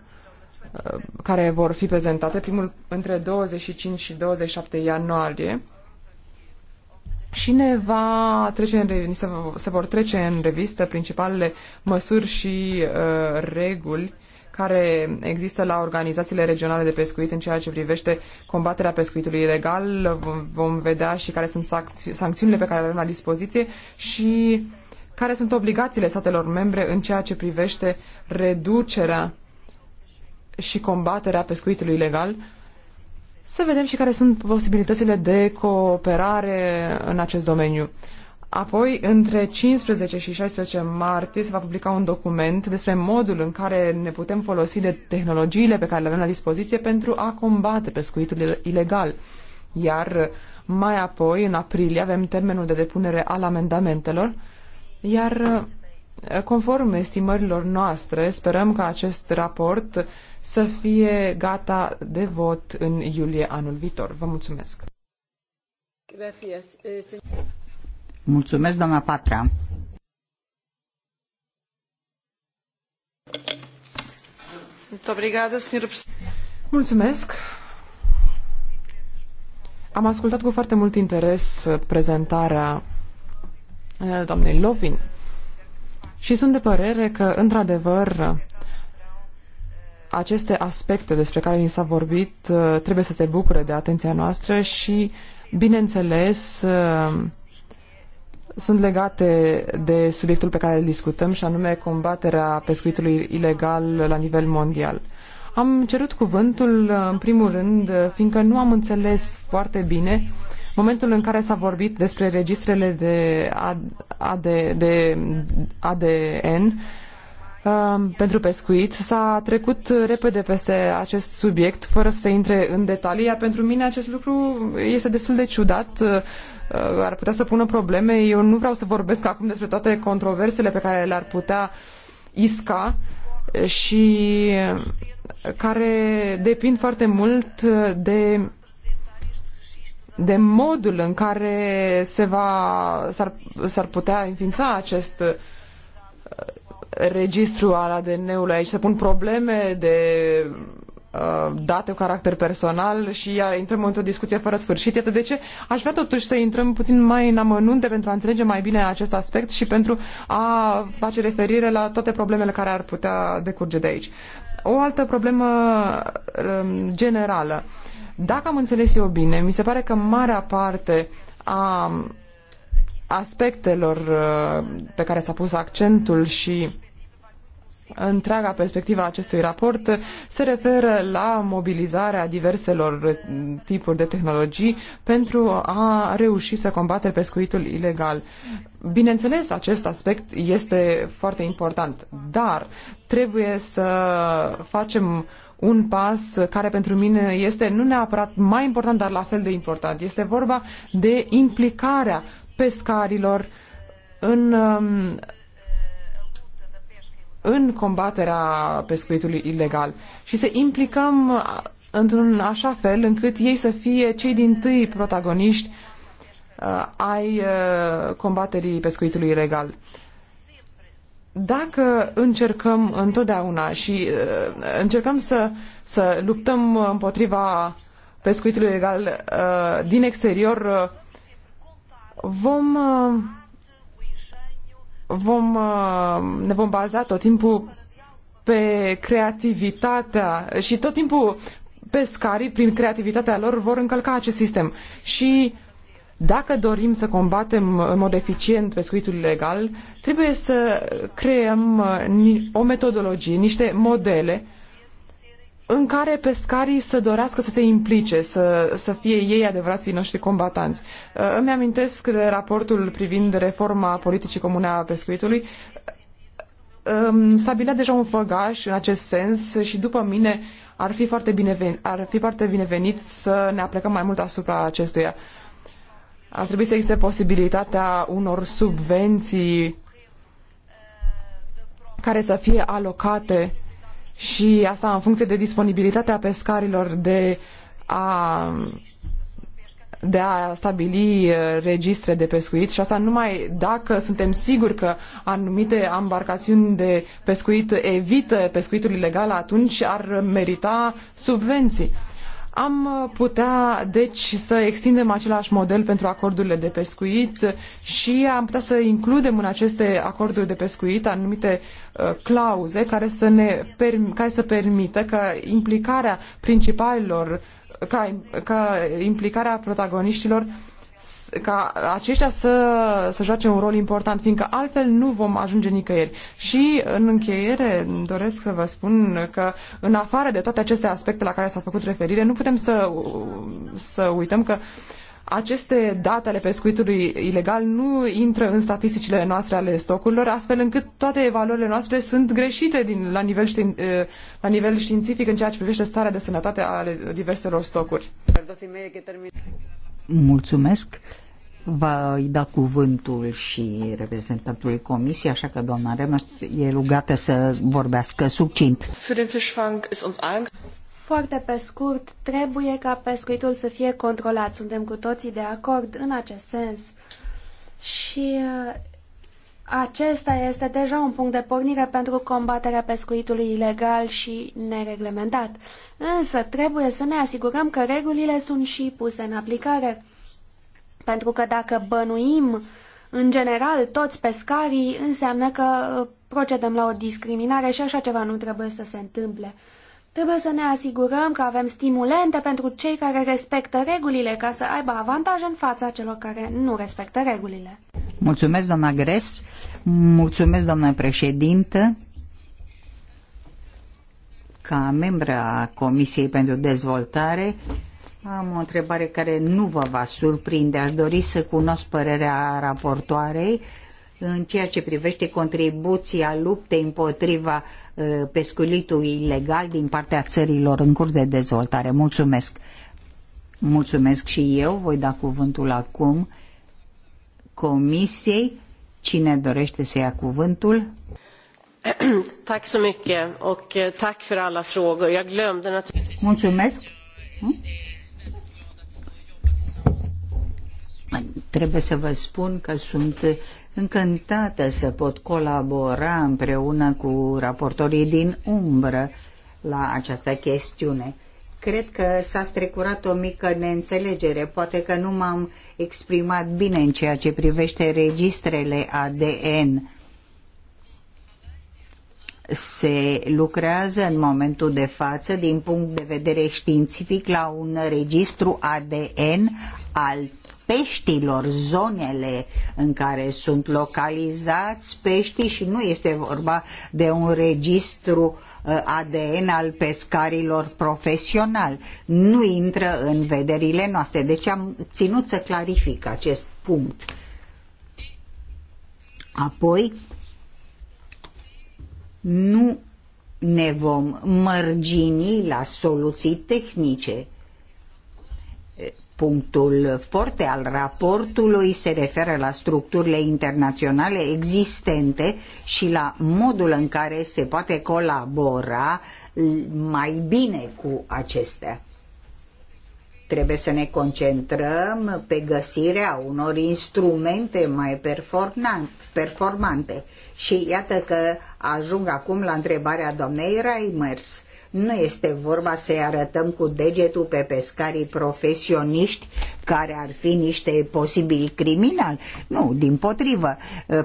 care vor fi prezentate, primul între 25 și 27 ianuarie. Și ne va trece în, se, vor trece în revistă principalele măsuri și uh, reguli care există la organizațiile regionale de pescuit în ceea ce privește combaterea pescuitului ilegal. Vom vedea și care sunt sancți- sancțiunile pe care le avem la dispoziție și care sunt obligațiile statelor membre în ceea ce privește reducerea și combaterea pescuitului ilegal, să vedem și care sunt posibilitățile de cooperare în acest domeniu. Apoi, între 15 și 16 martie, se va publica un document despre modul în care ne putem folosi de tehnologiile pe care le avem la dispoziție pentru a combate pescuitul ilegal. Iar mai apoi, în aprilie, avem termenul de depunere al amendamentelor, iar conform estimărilor noastre, sperăm că acest raport să fie gata de vot în iulie anul viitor. Vă mulțumesc! Eh, mulțumesc, doamna Patra! Mulțumesc! Am ascultat cu foarte mult interes prezentarea eh, doamnei Lovin și sunt de părere că, într-adevăr, aceste aspecte despre care ni s-a vorbit uh, trebuie să se bucure de atenția noastră și, bineînțeles, uh, sunt legate de subiectul pe care îl discutăm și anume combaterea pescuitului ilegal la nivel mondial. Am cerut cuvântul, uh, în primul rând, fiindcă nu am înțeles foarte bine momentul în care s-a vorbit despre registrele de, AD, de, de ADN Ehm, pentru pescuit. S-a trecut repede peste acest subiect, fără să intre în detalii, iar pentru mine acest lucru este destul de ciudat ehm, ar putea să pună probleme. Eu nu vreau să vorbesc acum despre toate controversele pe care le-ar putea isca și care depind foarte mult de de modul în care se va s-ar, putea înființa acest registru al ADN-ului. Aici se pun probleme de uh, date cu caracter personal și iar intrăm într-o discuție fără sfârșit. Iată de ce aș vrea totuși să intrăm puțin mai în amănunte pentru a înțelege mai bine acest aspect și pentru a face referire la toate problemele care ar putea decurge de aici. O altă problemă um, generală. Dacă am înțeles eu bine, mi se pare că marea parte a aspectelor uh, pe care s-a pus accentul și întreaga perspectivă a acestui raport se referă la mobilizarea diverselor tipuri de tehnologii pentru a reuși să combate pescuitul ilegal. Bineînțeles, acest aspect este foarte important, dar trebuie să facem un pas care pentru mine este nu neapărat mai important, dar la fel de important. Este vorba de implicarea pescarilor în um, în combaterea pescuitului ilegal și să implicăm uh, într-un așa fel încât ei să fie cei din tâi protagoniști uh, ai uh, combaterii pescuitului ilegal. Dacă încercăm întotdeauna și uh, încercăm să, să luptăm împotriva pescuitului ilegal uh, din exterior, uh, vom uh, vom, uh, ne vom baza tot timpul pe creativitatea și tot timpul pescarii, prin creativitatea lor, vor încălca acest sistem. Și dacă dorim să combatem în mod eficient pescuitul ilegal, trebuie să creăm uh, o metodologie, niște modele în care pescarii să dorească să se implice, să, să fie ei adevărații noștri combatanți. Uh, îmi amintesc de raportul privind reforma politicii comune a pescuitului. Um, stabilea deja un făgaș în acest sens și după mine ar fi foarte binevenit, ar fi foarte binevenit să ne aplecăm mai mult asupra acestuia. Ar trebui să existe posibilitatea unor subvenții care să fie alocate și asta în funcție de disponibilitatea pescarilor de a de a stabili uh, registre de pescuit și asta numai dacă suntem siguri că anumite embarcațiuni de pescuit evită pescuitul ilegal, atunci ar merita subvenții. Am putea, deci, să extindem același model pentru acordurile de pescuit și am putea să includem în aceste acorduri de pescuit anumite uh, clauze care să, ne care să permită că implicarea principalilor, ca, ca implicarea protagoniștilor uh, ca aceștia să, să joace un rol important, fiindcă altfel nu vom ajunge nicăieri. Și, în încheiere, doresc să vă spun că, în afară de toate aceste aspecte la care s-a făcut referire, nu putem să, să uităm că aceste date ale pescuitului ilegal nu intră în statisticile noastre ale stocurilor, astfel încât toate evaluările noastre sunt greșite din, la, nivel știin, eh, la nivel științific în ceea ce privește starea de sănătate ale diverselor stocuri. Mulțumesc. Va da cuvântul și reprezentantului comisiei, așa că doamna Remes e rugată să vorbească succint. Foarte pe scurt, trebuie ca pescuitul să fie controlat. Suntem cu toții de acord în acest sens. Și acesta este deja un punct de pornire pentru combaterea pescuitului ilegal și nereglementat. Însă trebuie să ne asigurăm că regulile sunt și puse în aplicare. Pentru că dacă bănuim în general toți pescarii, înseamnă că procedăm la o discriminare și așa ceva nu trebuie să se întâmple. Trebuie să ne asigurăm că avem stimulente pentru cei care respectă regulile ca să aibă avantaj în fața celor care nu respectă regulile. Mulțumesc, doamna Gres. Mulțumesc, doamna președintă. Ca membra a Comisiei pentru Dezvoltare, am o întrebare care nu vă va surprinde. Aș dori să cunosc părerea raportoarei în ceea ce privește contribuția luptei împotriva uh, pescuitului ilegal din partea țărilor în curs de dezvoltare. Mulțumesc! Mulțumesc și eu. Voi da cuvântul acum Comisiei. Cine dorește să ia cuvântul? Tack så mycket och eh, tack för alla frågor. Jag glömde naturligtvis... Mulțumesc. Hm? Trebuie să vă spun că sunt încântată să pot colabora împreună cu raportorii din umbră la această chestiune. Cred că s-a strecurat o mică neînțelegere, poate că nu m-am exprimat bine în ceea ce privește registrele ADN. Se lucrează în momentul de față, din punct de vedere științific, la un registru ADN al peștilor, zonele în care sunt localizați peștii și nu este vorba de un registru uh, ADN al pescarilor profesional. Nu intră în vederile noastre. Deci am ținut să clarific acest punct. Apoi, nu ne vom mărgini la soluții tehnice Punctul forte al raportului se referă la structurile internaționale existente și la modul în care se poate colabora mai bine cu acestea. Trebuie să ne concentrăm pe găsirea unor instrumente mai performante. Și iată că ajung acum la întrebarea doamnei Reimers nu este vorba să-i arătăm cu degetul pe pescarii profesioniști care ar fi niște posibili criminali. Nu, din potrivă,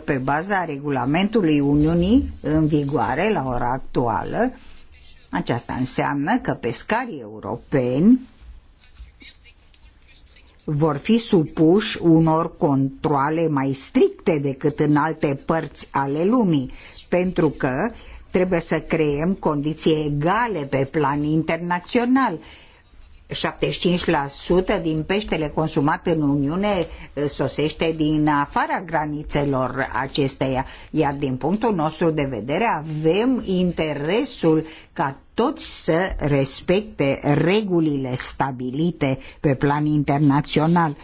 pe baza regulamentului Uniunii în vigoare la ora actuală, aceasta înseamnă că pescarii europeni vor fi supuși unor controle mai stricte decât în alte părți ale lumii, pentru că Trebuie să creăm condiții egale pe plan internațional. 75% din peștele consumat în Uniune uh, sosește din afara granițelor acesteia, iar din punctul nostru de vedere avem interesul ca toți să respecte regulile stabilite pe plan internațional.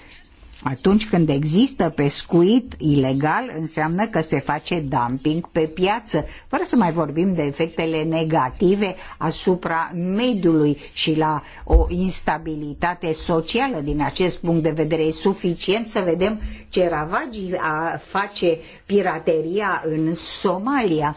Atunci când există pescuit ilegal, înseamnă că se face dumping pe piață, fără să mai vorbim de efectele negative asupra mediului și la o instabilitate socială. Din acest punct de vedere, e suficient să vedem ce ravagii face pirateria în Somalia.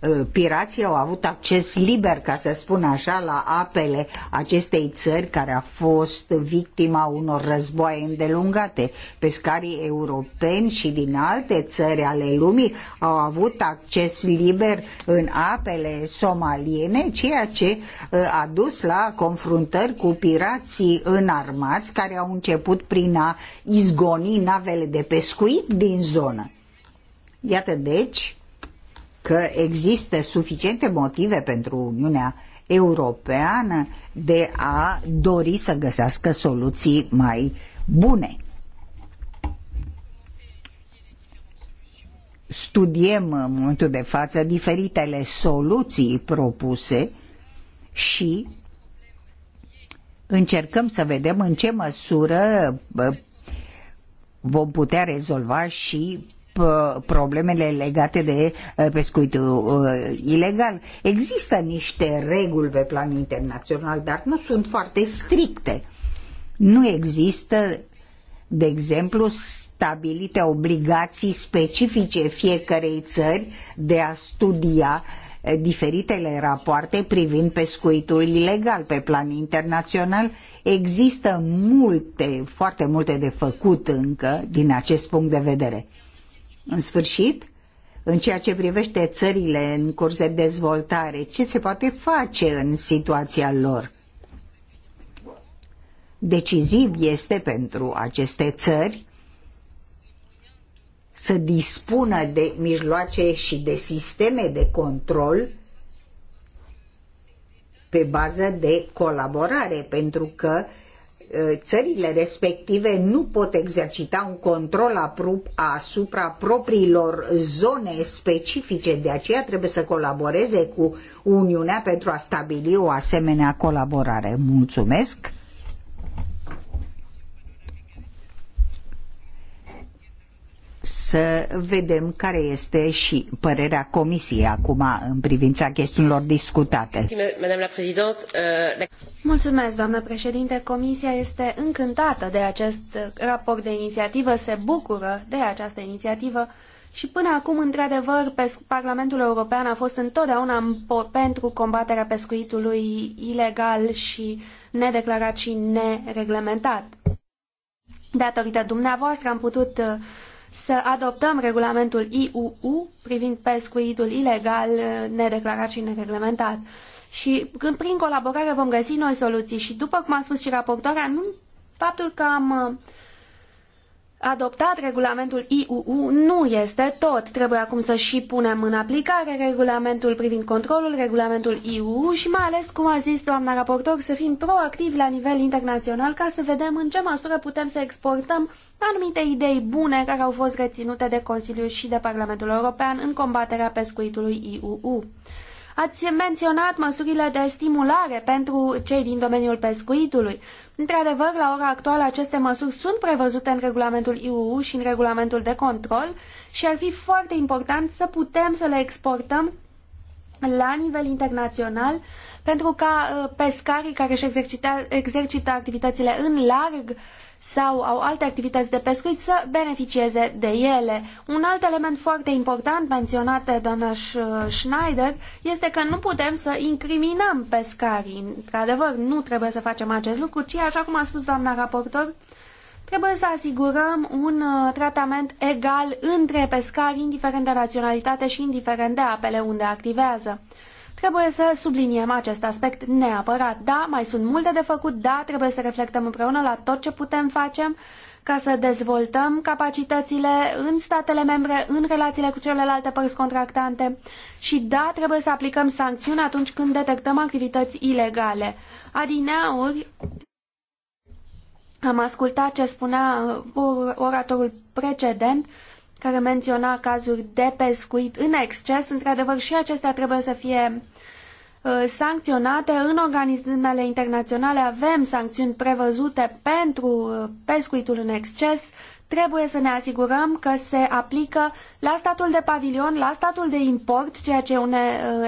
Uh, pirații au avut acces liber, ca să spun așa, la apele acestei țări care a fost victima unor războaie îndelungate. Pescarii europeni și din alte țări ale lumii au avut acces liber în apele somaliene, ceea ce uh, a dus la confruntări cu pirații înarmați care au început prin a izgoni navele de pescuit din zonă. Iată deci că există suficiente motive pentru Uniunea Europeană de a dori să găsească soluții mai bune. Studiem în momentul de față diferitele soluții propuse și încercăm să vedem în ce măsură vom putea rezolva și Uh, problemele legate de uh, pescuitul uh, ilegal. Există niște reguli pe plan internațional, dar nu sunt foarte stricte. Nu există de exemplu, stabilite obligații specifice fiecarei țări de a studia diferitele rapoarte privind pescuitul ilegal pe plan internațional. Există multe, foarte multe de făcut încă din acest punct de vedere. În sfârșit, în ceea ce privește țările în curs de dezvoltare, ce se poate face în situația lor? Decisiv este pentru aceste țări să dispună de mijloace și de sisteme de control pe bază de colaborare, pentru că Eh, țările respective nu pot exercita un control asupra propriilor zone specifice, de aceea trebuie să colaboreze cu Uniunea pentru a stabili o asemenea colaborare. Mulțumesc! să vedem care este și părerea Comisiei acum în privința chestiunilor discutate. Euh, Mulțumesc, doamnă președinte. Comisia este încântată de acest raport de inițiativă, se bucură de această inițiativă și până acum, într-adevăr, Parlamentul European a fost întotdeauna pentru combaterea pescuitului ilegal și nedeclarat și nereglementat. Datorită dumneavoastră am putut să adoptăm regulamentul IUU privind pescuitul ilegal, nedeclarat și nereglementat. Și când prin colaborare vom găsi noi soluții și după cum a spus și raportoarea, nu faptul că am adoptat regulamentul IUU nu este tot. Trebuie acum să și punem în aplicare regulamentul privind controlul, regulamentul IUU și mai ales, cum a zis doamna raportor, să fim proactivi la nivel internațional ca să vedem în ce măsură putem să exportăm anumite idei bune care au fost reținute de Consiliu și de Parlamentul European în combaterea pescuitului IUU. Ați menționat măsurile de stimulare pentru cei din domeniul pescuitului. Într-adevăr, la ora actuală, aceste măsuri sunt prevăzute în regulamentul IUU și în regulamentul de control și ar fi foarte important să putem să le exportăm la nivel internațional pentru ca uh, pescarii care își exercită, exercită activitățile în larg sau au alte activități de pescuit să beneficieze de ele. Un alt element foarte important menționat de doamna Schneider este că nu putem să incriminăm pescarii. Într-adevăr, nu trebuie să facem acest lucru, ci, așa cum a spus doamna raportor, trebuie să asigurăm un uh, tratament egal între pescari, indiferent de naționalitate și indiferent de apele unde activează. Trebuie să subliniem acest aspect neapărat. Da, mai sunt multe de făcut, da, trebuie să reflectăm împreună la tot ce putem face ca să dezvoltăm capacitățile în statele membre, în relațiile cu celelalte părți contractante și da, trebuie să aplicăm sancțiuni atunci când detectăm activități ilegale. Adineauri, am ascultat ce spunea oratorul precedent care menționa cazuri de pescuit în exces. Într-adevăr, și acestea trebuie să fie uh, sancționate. În organismele internaționale avem sancțiuni prevăzute pentru uh, pescuitul în exces. Trebuie să ne asigurăm că se aplică la statul de pavilion, la statul de import, ceea ce e un uh,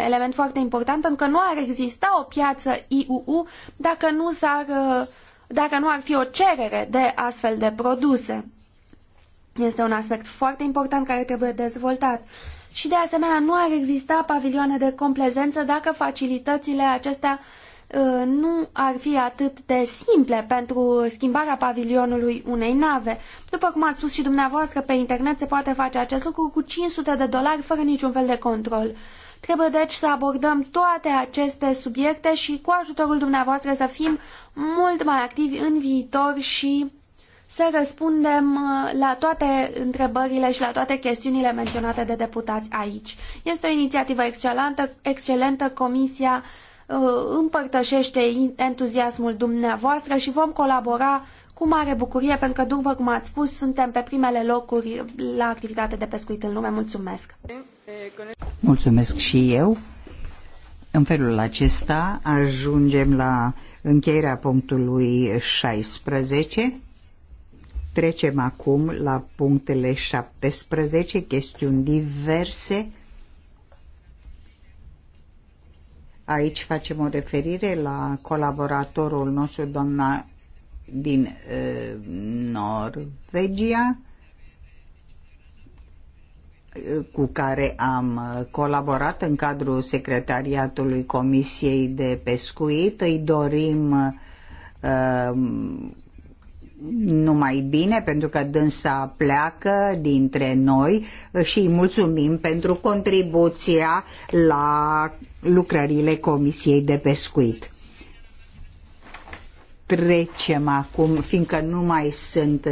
element foarte important, pentru că nu ar exista o piață IUU dacă nu, s-ar, dacă nu ar fi o cerere de astfel de produse. Este un aspect foarte important care trebuie dezvoltat. Și de asemenea, nu ar exista pavilioane de complezență dacă facilitățile acestea uh, nu ar fi atât de simple pentru schimbarea pavilionului unei nave. După cum ați spus și dumneavoastră, pe internet se poate face acest lucru cu 500 de dolari fără niciun fel de control. Trebuie deci să abordăm toate aceste subiecte și cu ajutorul dumneavoastră să fim mult mai activi în viitor și să răspundem uh, la toate întrebările și la toate chestiunile menționate de deputați aici. Este o inițiativă excelentă, excelentă Comisia uh, împărtășește entuziasmul dumneavoastră și vom colabora cu mare bucurie, pentru că, după cum ați spus, suntem pe primele locuri la activitate de pescuit în lume. Mulțumesc! Mulțumesc și eu! În felul acesta ajungem la încheierea punctului 16 Trecem acum la punctele 17, chestiuni diverse. Aici facem o referire la colaboratorul nostru, doamna din uh, Norvegia, cu care am colaborat în cadrul secretariatului Comisiei de Pescuit. Îi dorim uh, numai bine pentru că dânsa pleacă dintre noi și îi mulțumim pentru contribuția la lucrările Comisiei de Pescuit. Trecem acum, fiindcă nu mai sunt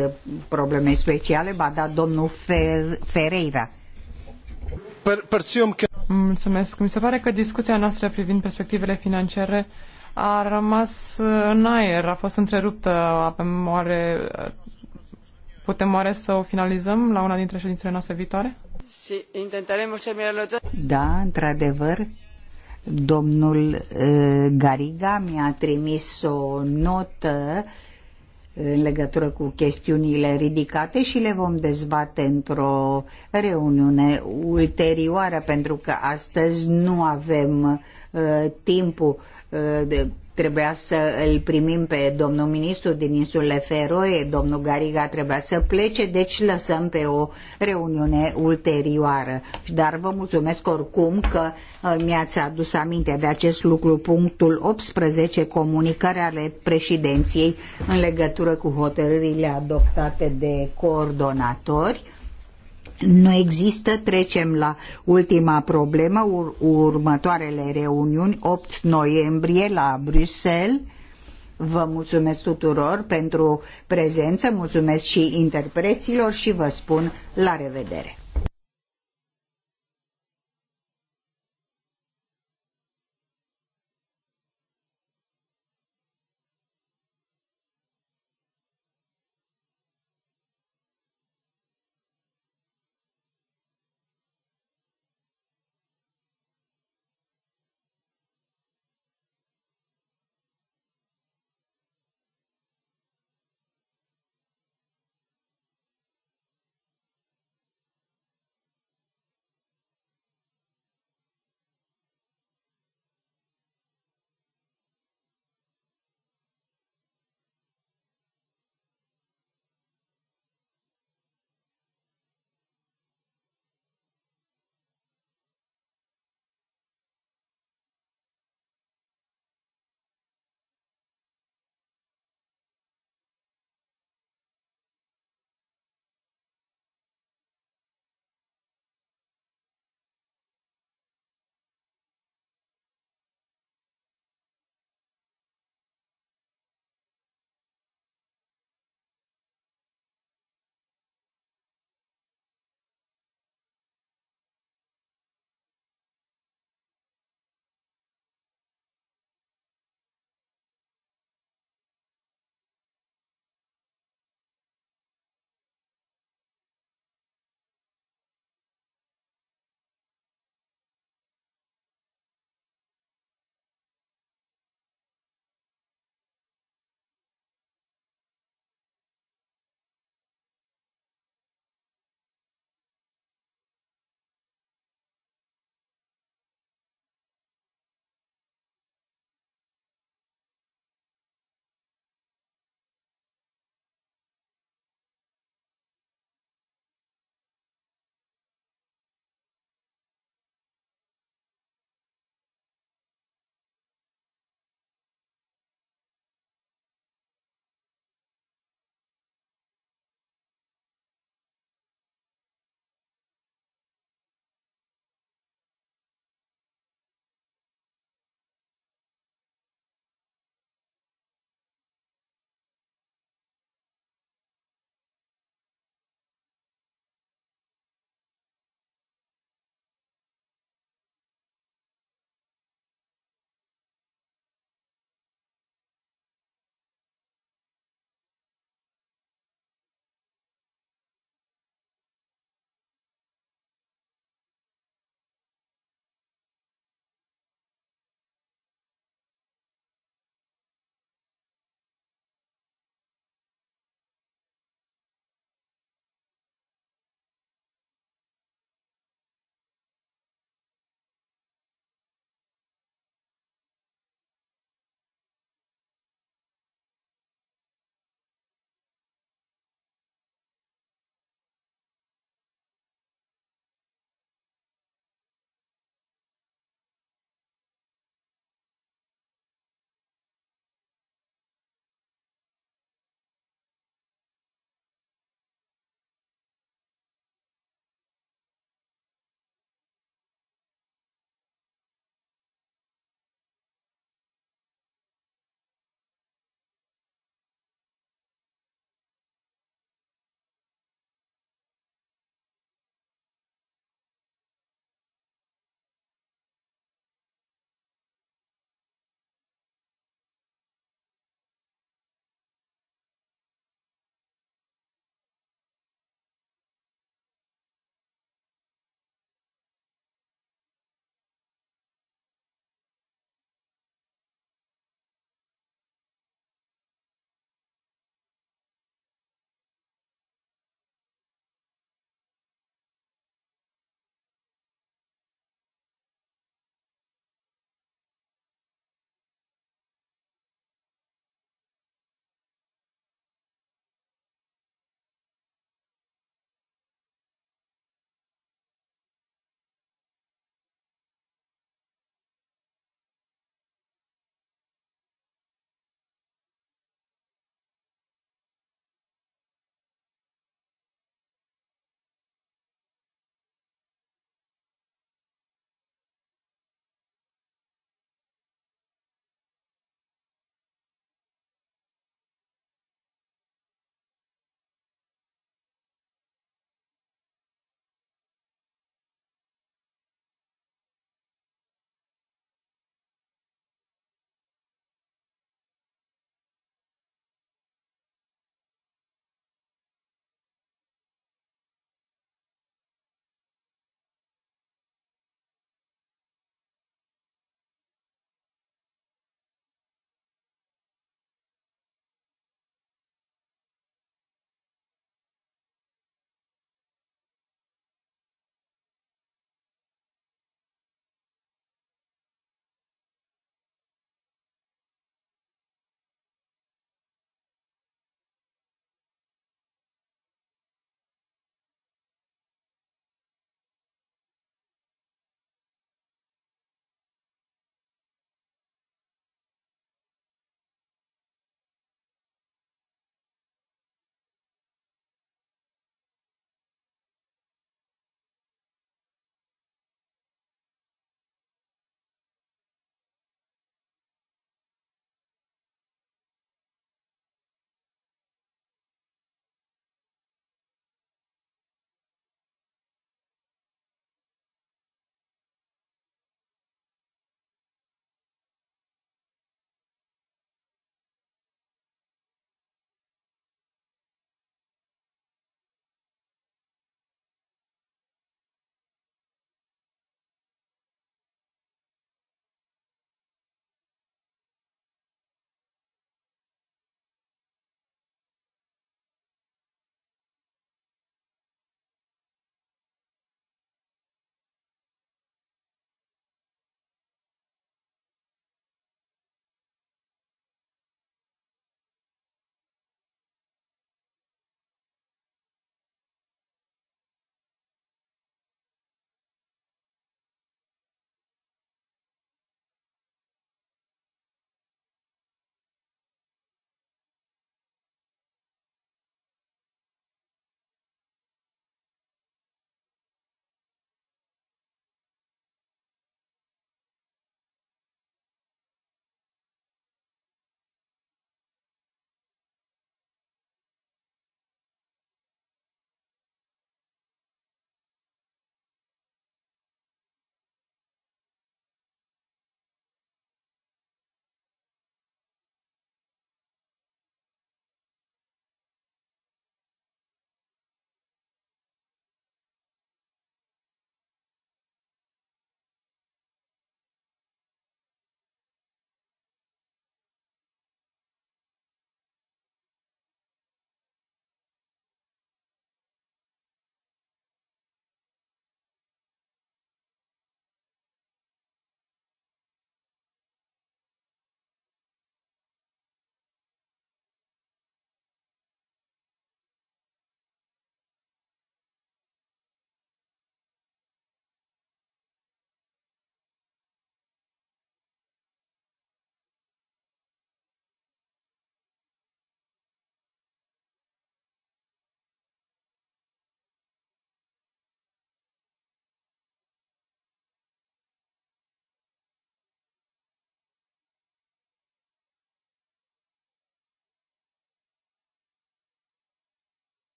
probleme speciale, va da domnul Fer- Ferreira. Mulțumesc. Mi se pare că discuția noastră privind perspectivele financiare a rămas în aer, a fost întreruptă. Avem oare, putem oare să o finalizăm la una dintre ședințele noastre viitoare? Da, într-adevăr, domnul eh, Gariga mi-a trimis o notă în legătură cu chestiunile ridicate și le vom dezbate într-o reuniune ulterioară, pentru că astăzi nu avem uh, timpul uh, de Trebuia să îl primim pe domnul ministru din insulele Feroe, domnul Gariga trebuia să plece, deci lăsăm pe o reuniune ulterioară. Dar vă mulțumesc oricum că uh, mi-ați adus aminte de acest lucru, punctul 18, comunicarea ale președinției în legătură cu hotărârile adoptate de coordonatori nu există, trecem la ultima problemă, ur următoarele reuniuni, 8 noiembrie la Bruxelles. Vă mulțumesc tuturor pentru prezență, mulțumesc și interpreților și vă spun la revedere!